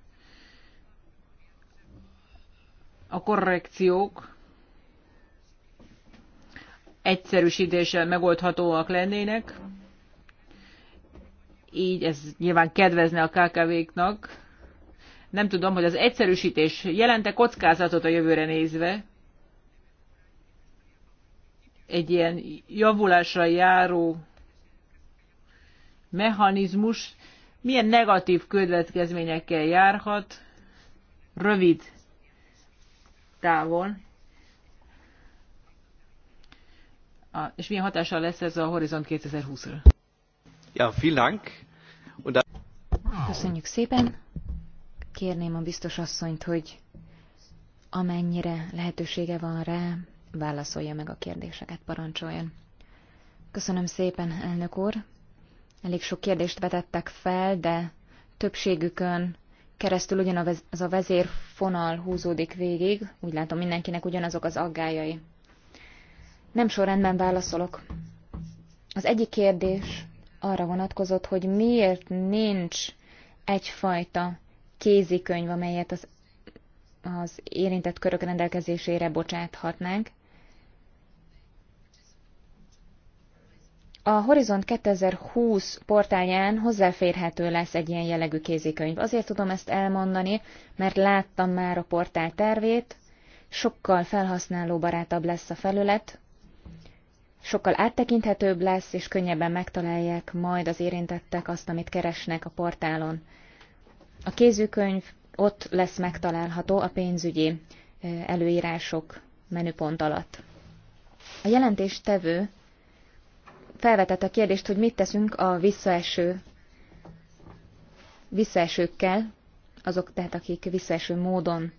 a korrekciók egyszerűsítéssel megoldhatóak lennének. Így ez nyilván kedvezne a KKV-knak. Nem tudom, hogy az egyszerűsítés jelente kockázatot a jövőre nézve. Egy ilyen javulásra járó mechanizmus milyen negatív következményekkel járhat rövid távon. és milyen hatással lesz ez a Horizont 2020-ra? Ja, vielen Dank. Köszönjük szépen. Kérném a biztos asszonyt, hogy amennyire lehetősége van rá, válaszolja meg a kérdéseket, parancsoljon. Köszönöm szépen, elnök úr. Elég sok kérdést vetettek fel, de többségükön keresztül ugyanaz a vezérfonal húzódik végig. Úgy látom, mindenkinek ugyanazok az aggájai. Nem sorrendben válaszolok. Az egyik kérdés arra vonatkozott, hogy miért nincs egyfajta kézikönyv, amelyet az, az érintett körök rendelkezésére bocsáthatnánk. A Horizont 2020 portáján hozzáférhető lesz egy ilyen jellegű kézikönyv. Azért tudom ezt elmondani, mert láttam már a portál tervét, sokkal felhasználóbarátabb lesz a felület, sokkal áttekinthetőbb lesz, és könnyebben megtalálják majd az érintettek azt, amit keresnek a portálon. A kézükönyv ott lesz megtalálható a pénzügyi előírások menüpont alatt. A jelentéstevő felvetett a kérdést, hogy mit teszünk a visszaeső visszaesőkkel, azok tehát, akik visszaeső módon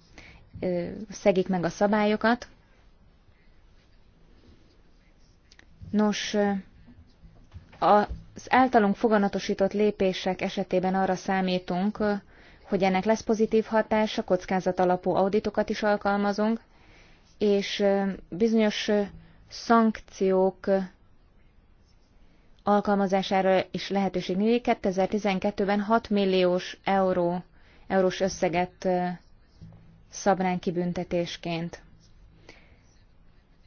szegik meg a szabályokat. Nos, az általunk foganatosított lépések esetében arra számítunk, hogy ennek lesz pozitív hatása, kockázat alapú auditokat is alkalmazunk, és bizonyos szankciók alkalmazására is lehetőség nyílik. 2012-ben 6 milliós euró, eurós összeget szabnánk kibüntetésként.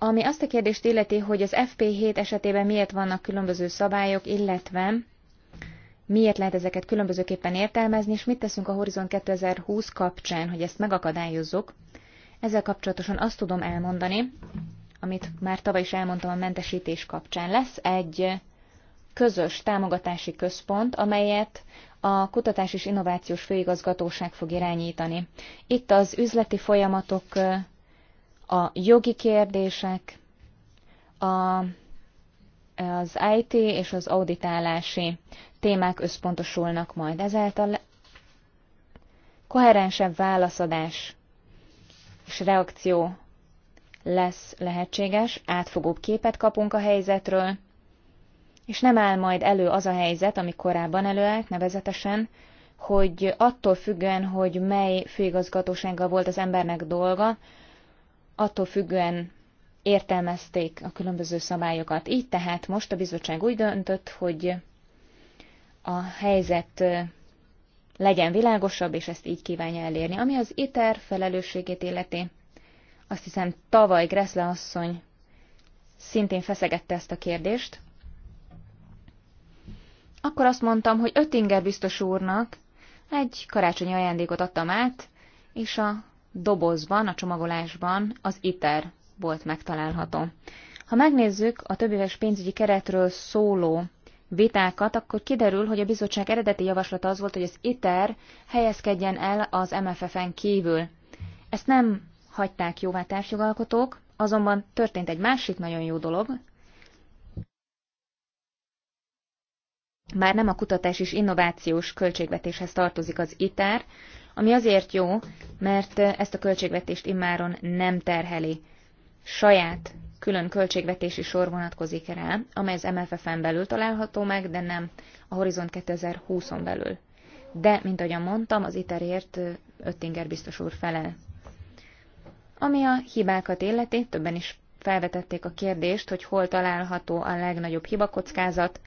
Ami azt a kérdést illeti, hogy az FP7 esetében miért vannak különböző szabályok, illetve miért lehet ezeket különbözőképpen értelmezni, és mit teszünk a Horizon 2020 kapcsán, hogy ezt megakadályozzuk, ezzel kapcsolatosan azt tudom elmondani, amit már tavaly is elmondtam a mentesítés kapcsán. Lesz egy közös támogatási központ, amelyet a Kutatás és Innovációs Főigazgatóság fog irányítani. Itt az üzleti folyamatok a jogi kérdések, a, az IT és az auditálási témák összpontosulnak majd. Ezáltal koherensebb válaszadás és reakció lesz lehetséges, átfogóbb képet kapunk a helyzetről, és nem áll majd elő az a helyzet, ami korábban előállt, nevezetesen, hogy attól függően, hogy mely főigazgatósággal volt az embernek dolga, attól függően értelmezték a különböző szabályokat. Így tehát most a bizottság úgy döntött, hogy a helyzet legyen világosabb, és ezt így kívánja elérni. Ami az ITER felelősségét illeti, azt hiszem tavaly Greszle asszony szintén feszegette ezt a kérdést. Akkor azt mondtam, hogy Öttinger biztos úrnak egy karácsonyi ajándékot adtam át, és a dobozban, a csomagolásban az ITER volt megtalálható. Ha megnézzük a többéves pénzügyi keretről szóló vitákat, akkor kiderül, hogy a bizottság eredeti javaslata az volt, hogy az ITER helyezkedjen el az MFF-en kívül. Ezt nem hagyták jóvá társjogalkotók, azonban történt egy másik nagyon jó dolog, már nem a kutatás és innovációs költségvetéshez tartozik az ITER, ami azért jó, mert ezt a költségvetést immáron nem terheli. Saját külön költségvetési sor vonatkozik rá, amely az MFF-en belül található meg, de nem a Horizont 2020-on belül. De, mint ahogyan mondtam, az iterért Öttinger biztos úr felel. Ami a hibákat illeti, többen is felvetették a kérdést, hogy hol található a legnagyobb hibakockázat,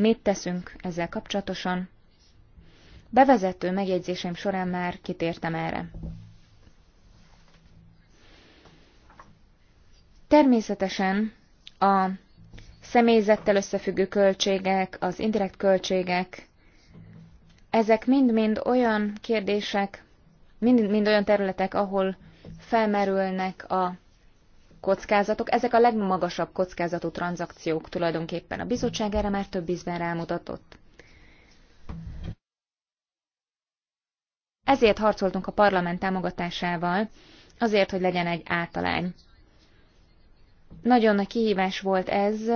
Mit teszünk ezzel kapcsolatosan? Bevezető megjegyzésem során már kitértem erre. Természetesen a személyzettel összefüggő költségek, az indirekt költségek, ezek mind-mind olyan kérdések, mind-mind olyan területek, ahol felmerülnek a kockázatok, ezek a legmagasabb kockázatú tranzakciók tulajdonképpen. A bizottság erre már több ízben rámutatott. Ezért harcoltunk a parlament támogatásával, azért, hogy legyen egy általány. Nagyon nagy kihívás volt ez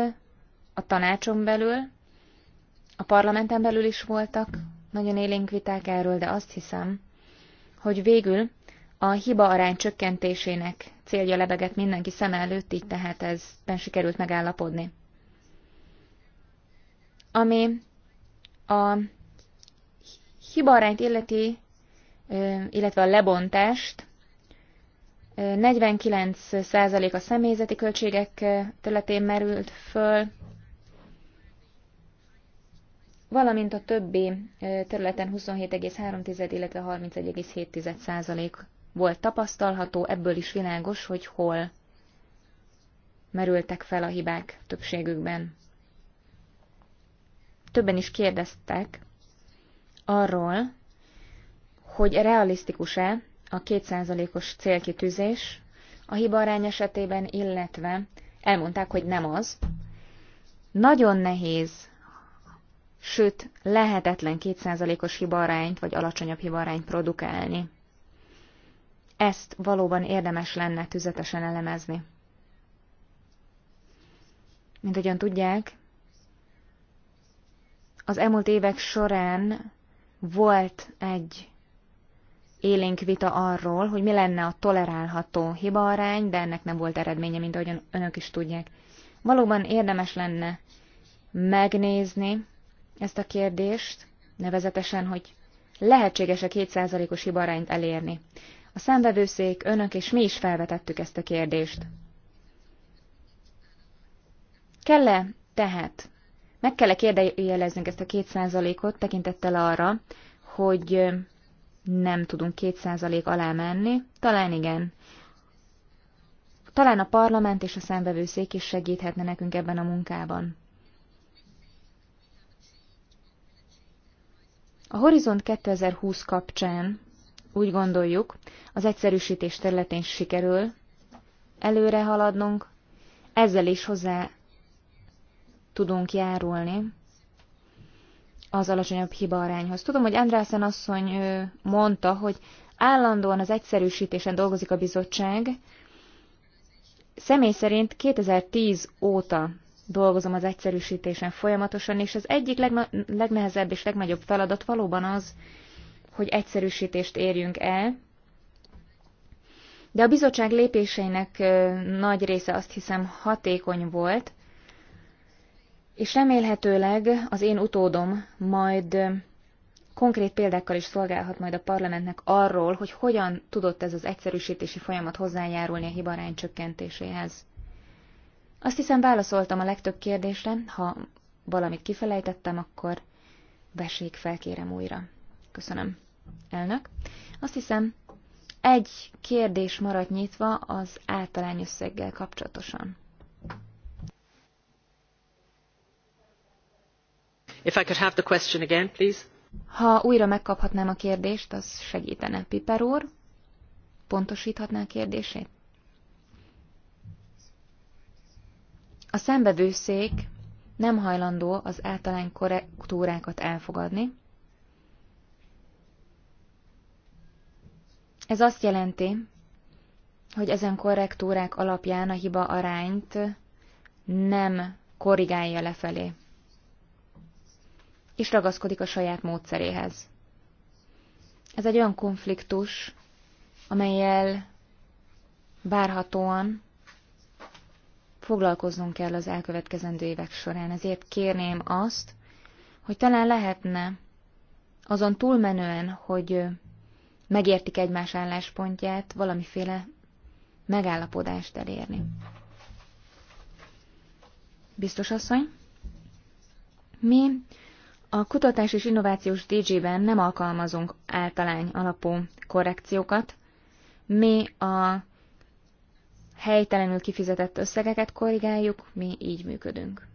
a tanácson belül, a parlamenten belül is voltak nagyon élénk viták erről, de azt hiszem, hogy végül a hiba arány csökkentésének célja lebegett mindenki szem előtt, így tehát ezben sikerült megállapodni. Ami a arányt illeti, illetve a lebontást, 49% a személyzeti költségek területén merült föl, valamint a többi területen 27,3, illetve volt tapasztalható, ebből is világos, hogy hol merültek fel a hibák többségükben. Többen is kérdeztek arról, hogy realisztikus-e a kétszázalékos célkitűzés a arány esetében, illetve elmondták, hogy nem az. Nagyon nehéz, sőt lehetetlen kétszázalékos hibarányt vagy alacsonyabb hibarányt produkálni. Ezt valóban érdemes lenne tüzetesen elemezni. Mint ugyan tudják, az elmúlt évek során volt egy élénk vita arról, hogy mi lenne a tolerálható hibaarány, de ennek nem volt eredménye, mint ahogyan önök is tudják. Valóban érdemes lenne megnézni ezt a kérdést, nevezetesen, hogy lehetséges a kétszázalékos hibaarányt elérni. A szenvedőszék, önök és mi is felvetettük ezt a kérdést. Kell-e tehát? Meg kell-e kérdőjeleznünk ezt a kétszázalékot tekintettel arra, hogy nem tudunk kétszázalék alá menni? Talán igen. Talán a parlament és a szenvedőszék is segíthetne nekünk ebben a munkában. A Horizont 2020 kapcsán úgy gondoljuk, az egyszerűsítés területén sikerül előre haladnunk, ezzel is hozzá tudunk járulni az alacsonyabb hibaarányhoz. Tudom, hogy Andrászen asszony mondta, hogy állandóan az egyszerűsítésen dolgozik a bizottság. Személy szerint 2010 óta dolgozom az egyszerűsítésen folyamatosan, és az egyik legna- legnehezebb és legnagyobb feladat valóban az, hogy egyszerűsítést érjünk el, de a bizottság lépéseinek nagy része azt hiszem hatékony volt, és remélhetőleg az én utódom majd konkrét példákkal is szolgálhat majd a parlamentnek arról, hogy hogyan tudott ez az egyszerűsítési folyamat hozzájárulni a hibarány csökkentéséhez. Azt hiszem válaszoltam a legtöbb kérdésre, ha valamit kifelejtettem, akkor vessék fel kérem újra. Köszönöm. Elnök. Azt hiszem, egy kérdés maradt nyitva az általány összeggel kapcsolatosan. If I could have the question again, please. Ha újra megkaphatnám a kérdést, az segítene. Piper úr, pontosíthatná a kérdését? A szembevőszék nem hajlandó az általány korrektúrákat elfogadni, Ez azt jelenti, hogy ezen korrektúrák alapján a hiba arányt nem korrigálja lefelé, és ragaszkodik a saját módszeréhez. Ez egy olyan konfliktus, amelyel bárhatóan foglalkoznunk kell az elkövetkezendő évek során. Ezért kérném azt, hogy talán lehetne azon túlmenően, hogy megértik egymás álláspontját, valamiféle megállapodást elérni. Biztos asszony? Mi a kutatás és innovációs DG-ben nem alkalmazunk általány alapú korrekciókat. Mi a helytelenül kifizetett összegeket korrigáljuk, mi így működünk.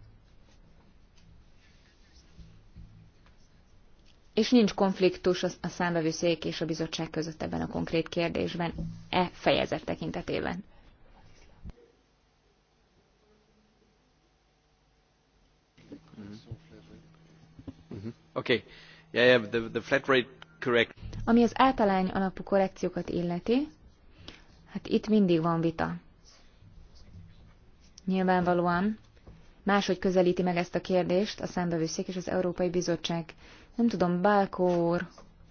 és nincs konfliktus a számbevőszék és a bizottság között ebben a konkrét kérdésben, e fejezet tekintetében. Mhm. Okay. yeah, the, the flat rate correct. Ami az általány alapú korrekciókat illeti, hát itt mindig van vita. Nyilvánvalóan máshogy közelíti meg ezt a kérdést a számbevőszék és az Európai Bizottság. Nem tudom, Bálkó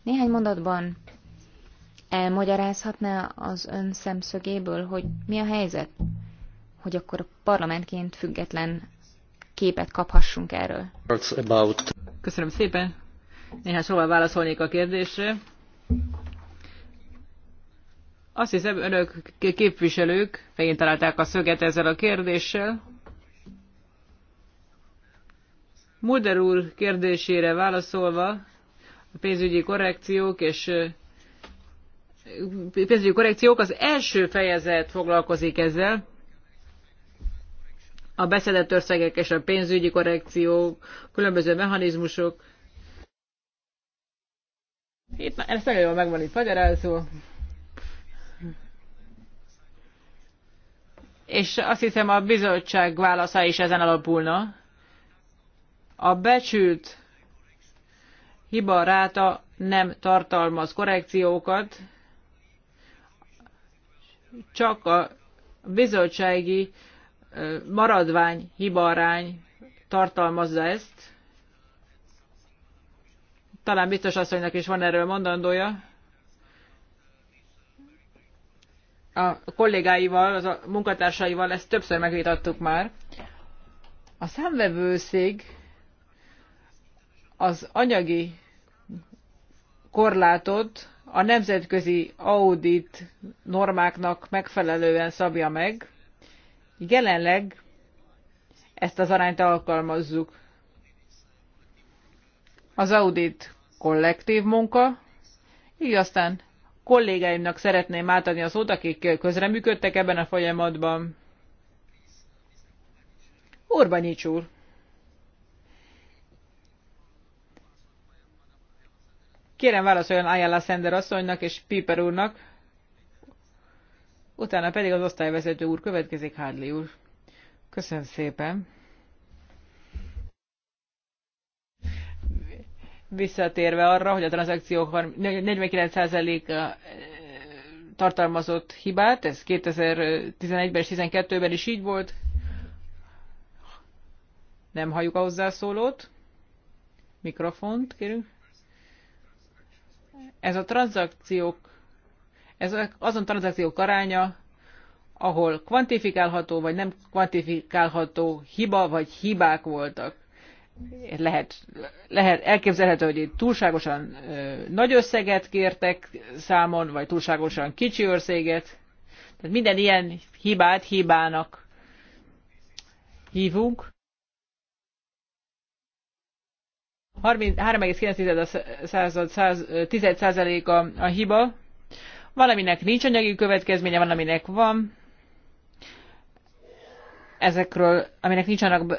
néhány mondatban elmagyarázhatná az ön szemszögéből, hogy mi a helyzet? Hogy akkor parlamentként független képet kaphassunk erről. Köszönöm szépen. Néhány szóval válaszolnék a kérdésre. Azt hiszem, önök képviselők fején találták a szöget ezzel a kérdéssel. Mulder úr kérdésére válaszolva, a pénzügyi korrekciók és pénzügyi korrekciók, az első fejezet foglalkozik ezzel, a beszedett összegek és a pénzügyi korrekciók, különböző mechanizmusok. Itt már, ezt nagyon jól megvan itt magyarázó. És azt hiszem a bizottság válasza is ezen alapulna. A becsült hiba ráta nem tartalmaz korrekciókat, csak a bizottsági maradvány hibarány tartalmazza ezt. Talán biztos asszonynak is van erről mondandója. A kollégáival, az a munkatársaival ezt többször megvitattuk már. A számvevőszék az anyagi korlátot a nemzetközi audit normáknak megfelelően szabja meg. Jelenleg ezt az arányt alkalmazzuk. Az audit kollektív munka, így aztán kollégáimnak szeretném átadni a szót, akik közreműködtek ebben a folyamatban. Orbanics úr! Kérem válaszoljon Ayala Sender asszonynak és Piper úrnak, utána pedig az osztályvezető úr következik, Hádli úr. Köszönöm szépen. Visszatérve arra, hogy a tranzakciók 49%-a eh, tartalmazott hibát, ez 2011-ben és 2012-ben is így volt. Nem halljuk a hozzászólót. Mikrofont kérünk ez a tranzakciók, ez azon tranzakciók aránya, ahol kvantifikálható vagy nem kvantifikálható hiba vagy hibák voltak. Lehet, lehet elképzelhető, hogy itt túlságosan ö, nagy összeget kértek számon, vagy túlságosan kicsi összeget. Tehát minden ilyen hibát hibának hívunk. 3,9% a, a hiba. Valaminek nincs anyagi következménye, valaminek van. Ezekről, aminek nincs annak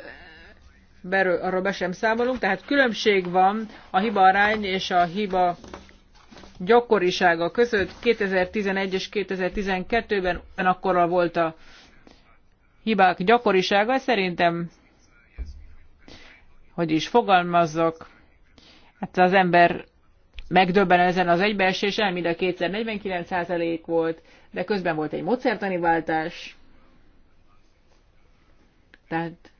berről, arról be sem számolunk, tehát különbség van a hiba arány és a hiba gyakorisága között. 2011 és 2012-ben akkor volt a hibák gyakorisága, szerintem hogy is fogalmazzak, hát az ember megdöbben ezen az egybeesésen, mind a kétszer 49% volt, de közben volt egy mozertani váltás. Tehát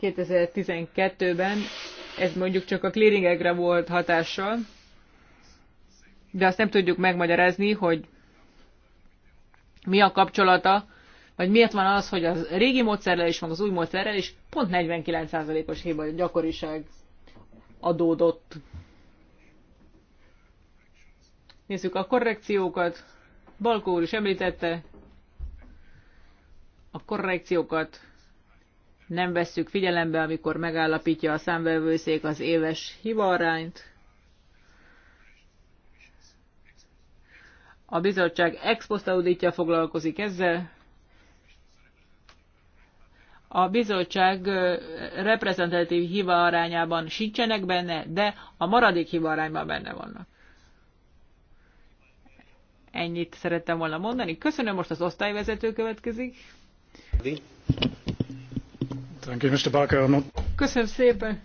2012-ben ez mondjuk csak a clearingekre volt hatással, de azt nem tudjuk megmagyarázni, hogy mi a kapcsolata vagy miért van az, hogy a régi módszerrel is, meg az új módszerrel is pont 49%-os hiba gyakoriság adódott. Nézzük a korrekciókat. Balkó úr is említette, a korrekciókat nem vesszük figyelembe, amikor megállapítja a számvevőszék az éves hibarányt. A bizottság ex foglalkozik ezzel, a bizottság reprezentatív hiba arányában sincsenek benne, de a maradék hiba arányban benne vannak. Ennyit szerettem volna mondani. Köszönöm, most az osztályvezető következik. Köszönöm szépen.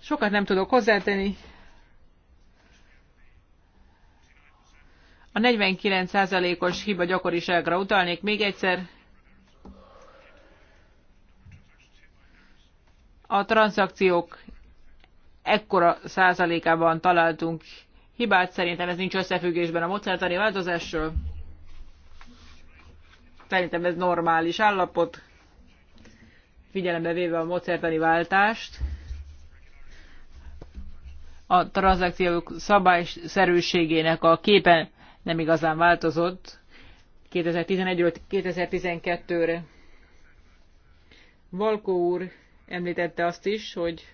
Sokat nem tudok hozzátenni. A 49%-os hiba gyakoriságra utalnék még egyszer. a tranzakciók ekkora százalékában találtunk hibát, szerintem ez nincs összefüggésben a mozertani változásról. Szerintem ez normális állapot, figyelembe véve a mozertani váltást. A tranzakciók szabályszerűségének a képen nem igazán változott 2011-ről 2012-re. Valkó úr említette azt is, hogy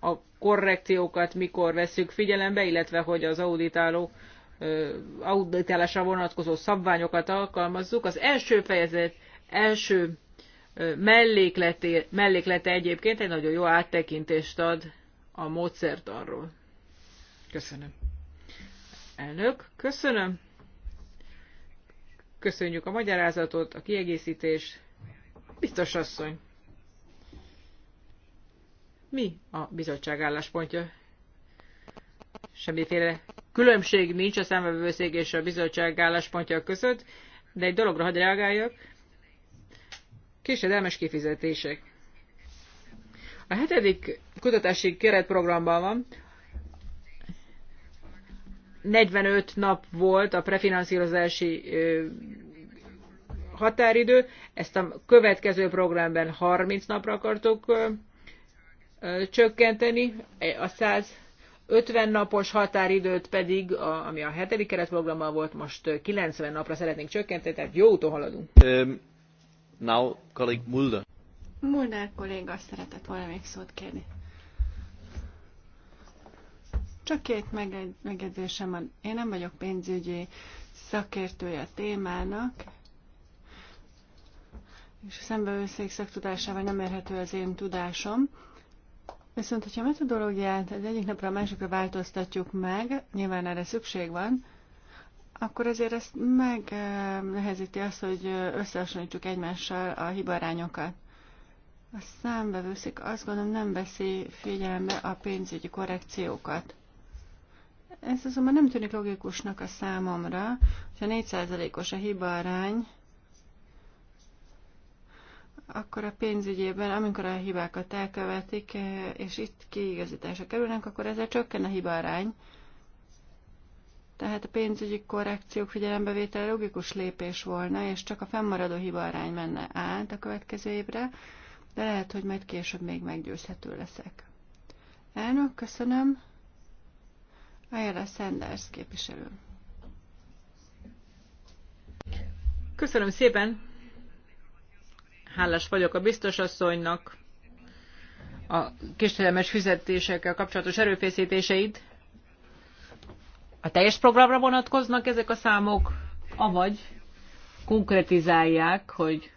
a korrekciókat mikor veszük figyelembe, illetve hogy az auditáló auditálásra vonatkozó szabványokat alkalmazzuk. Az első fejezet, első melléklete, melléklete egyébként egy nagyon jó áttekintést ad a módszert arról. Köszönöm. Elnök, köszönöm. Köszönjük a magyarázatot, a kiegészítést. Biztos asszony. Mi a bizottság álláspontja? Semmiféle különbség nincs a számvevőszék és a bizottság álláspontja között, de egy dologra hadd reagáljak. Késedelmes kifizetések. A hetedik kutatási keretprogramban van, 45 nap volt a prefinanszírozási határidő, ezt a következő programban 30 napra akartuk csökkenteni, e, a 150 napos határidőt pedig, ami a hetedik keretprogrammal volt, most 90 napra szeretnénk csökkenteni, tehát jó úton haladunk. Um, now, colleague Mulder. Mulder kolléga szeretett volna még szót kérni. Csak két megjegyzésem van. Én nem vagyok pénzügyi szakértője a témának, és szembeőszék szaktudásával nem érhető az én tudásom. Viszont, hogyha a metodológiát az egyik napra a másikra változtatjuk meg, nyilván erre szükség van, akkor azért ezt megnehezíti azt, hogy összehasonlítsuk egymással a hibarányokat. A számbevőszik azt gondolom nem veszi figyelembe a pénzügyi korrekciókat. Ez azonban nem tűnik logikusnak a számomra, hogyha 4%-os a hibarány, akkor a pénzügyében, amikor a hibákat elkövetik, eh, és itt kiigazításra kerülnek, akkor ezzel csökken a arány. Tehát a pénzügyi korrekciók figyelembevétele logikus lépés volna, és csak a fennmaradó arány menne át a következő évre, de lehet, hogy majd később még meggyőzhető leszek. Elnök, köszönöm. Ajala Sanders képviselő. Köszönöm szépen hálás vagyok a biztosasszonynak a kisfelemes fizetésekkel kapcsolatos erőfeszítéseid, A teljes programra vonatkoznak ezek a számok, avagy konkretizálják, hogy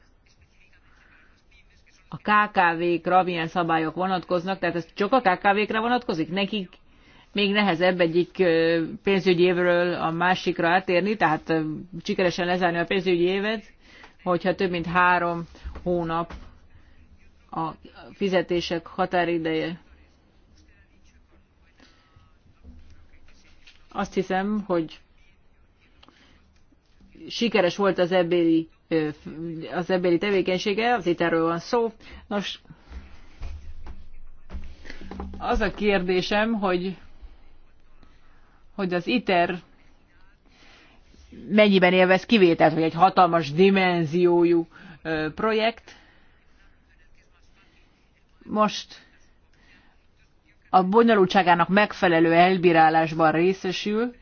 a KKV-kra milyen szabályok vonatkoznak, tehát ez csak a KKV-kra vonatkozik, nekik még nehezebb egyik pénzügyi évről a másikra átérni, tehát sikeresen lezárni a pénzügyi évet hogyha több mint három hónap a fizetések határideje. Azt hiszem, hogy sikeres volt az ebéli, az ebéli tevékenysége, az itt erről van szó. Nos, az a kérdésem, hogy, hogy az ITER mennyiben élvez kivételt, hogy egy hatalmas dimenziójú projekt. Most a bonyolultságának megfelelő elbírálásban részesül,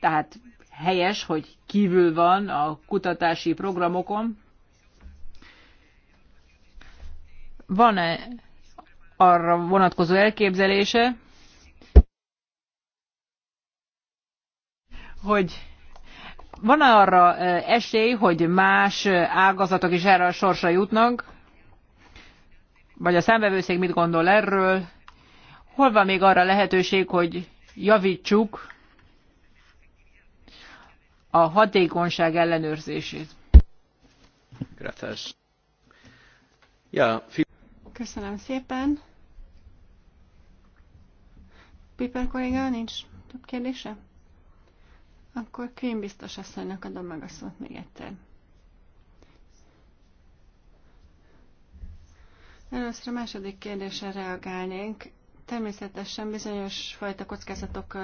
tehát helyes, hogy kívül van a kutatási programokon. Van-e arra vonatkozó elképzelése, hogy van arra esély, hogy más ágazatok is erre a sorsra jutnak? Vagy a számbevőszék mit gondol erről? Hol van még arra lehetőség, hogy javítsuk a hatékonyság ellenőrzését? Köszönöm szépen. Piper kolléga, nincs több kérdése? Akkor Krém biztos asszonynak adom meg a szót még egyszer. Először a második kérdésre reagálnénk. Természetesen bizonyos fajta kockázatok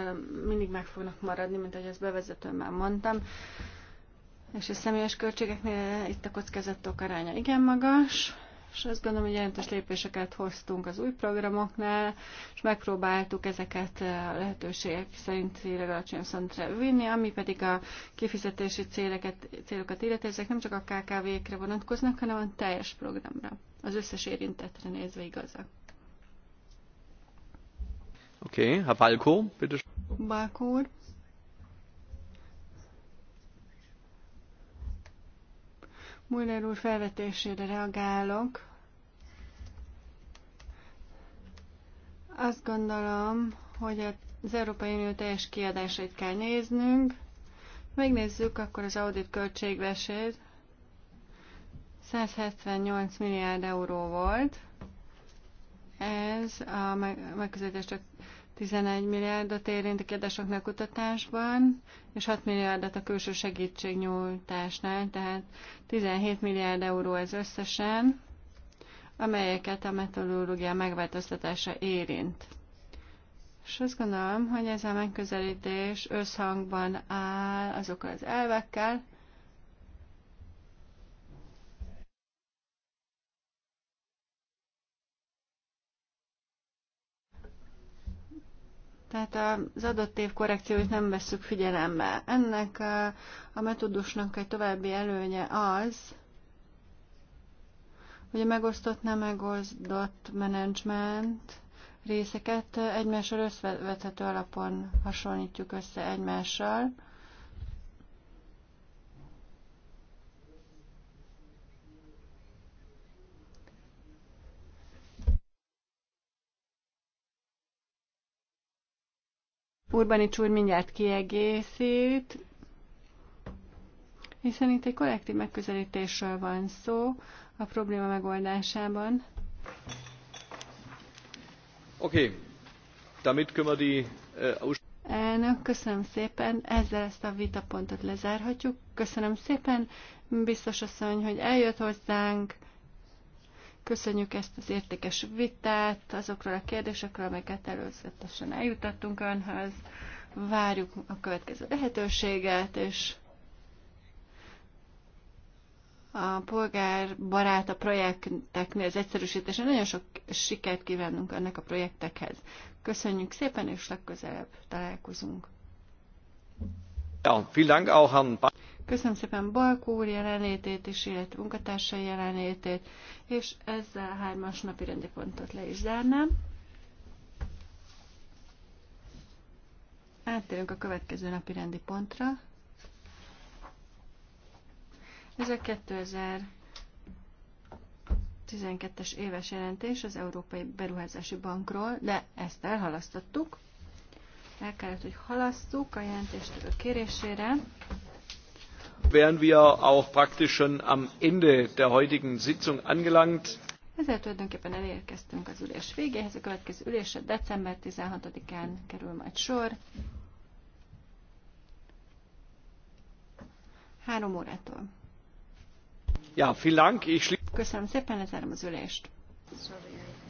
mindig meg fognak maradni, mint ahogy ezt bevezetőn már mondtam. És a személyes költségeknél itt a kockázatok aránya igen magas és azt gondolom, hogy jelentős lépéseket hoztunk az új programoknál, és megpróbáltuk ezeket eh, a lehetőségek szerint legalacsonyabb szintre vinni, ami pedig a kifizetési céleket, célokat illeti, ezek nem csak a KKV-kre vonatkoznak, hanem a teljes programra, az összes érintetre nézve igazak. Oké, okay, ha hát Balko, bitte. Balko úr. Müller úr felvetésére reagálok. Azt gondolom, hogy az Európai Unió teljes kiadásait kell néznünk. Megnézzük akkor az audit költségvesét. 178 milliárd euró volt. Ez a megközelítés csak. 11 milliárdot érint a kiadásoknál kutatásban, és 6 milliárdot a külső segítségnyújtásnál, tehát 17 milliárd euró ez összesen, amelyeket a metodológia megváltoztatása érint. És azt gondolom, hogy ez a megközelítés összhangban áll azokkal az elvekkel, Tehát az adott év korrekcióit nem vesszük figyelembe. Ennek a, a metódusnak egy további előnye az, hogy a megosztott, nem megosztott menedzsment részeket egymással összevethető alapon hasonlítjuk össze egymással. Urbani Csúr mindjárt kiegészít, hiszen itt egy kollektív megközelítésről van szó a probléma megoldásában. Oké, tamit damit äh, Elnök, köszönöm szépen. Ezzel ezt a vitapontot lezárhatjuk. Köszönöm szépen, biztos asszony, hogy eljött hozzánk. Köszönjük ezt az értékes vitát azokról a kérdésekről, amelyeket előzetesen eljutattunk önhöz. Várjuk a következő lehetőséget, és a barát a projekteknél az egyszerűsítésen nagyon sok sikert kívánunk ennek a projektekhez. Köszönjük szépen, és legközelebb találkozunk. Ja, Köszönöm szépen Balkó úr jelenlétét és illetve munkatársai jelenlétét, és ezzel hármas napi rendi pontot le is zárnám. Áttérünk a következő napi rendi pontra. Ez a 2012-es éves jelentés az Európai Beruházási Bankról, de ezt elhalasztottuk. El kellett, hogy halasztuk a jelentéstől a kérésére. Wären wir auch praktisch schon am Ende der heutigen Sitzung angelangt. Ezzel tulajdonképpen elérkeztünk az ülés végéhez. A következő ülésre december 16-án kerül majd sor. Három órától. Ja, vielen Dank. Ich Köszönöm szépen, lezárom az ülést. Sorry.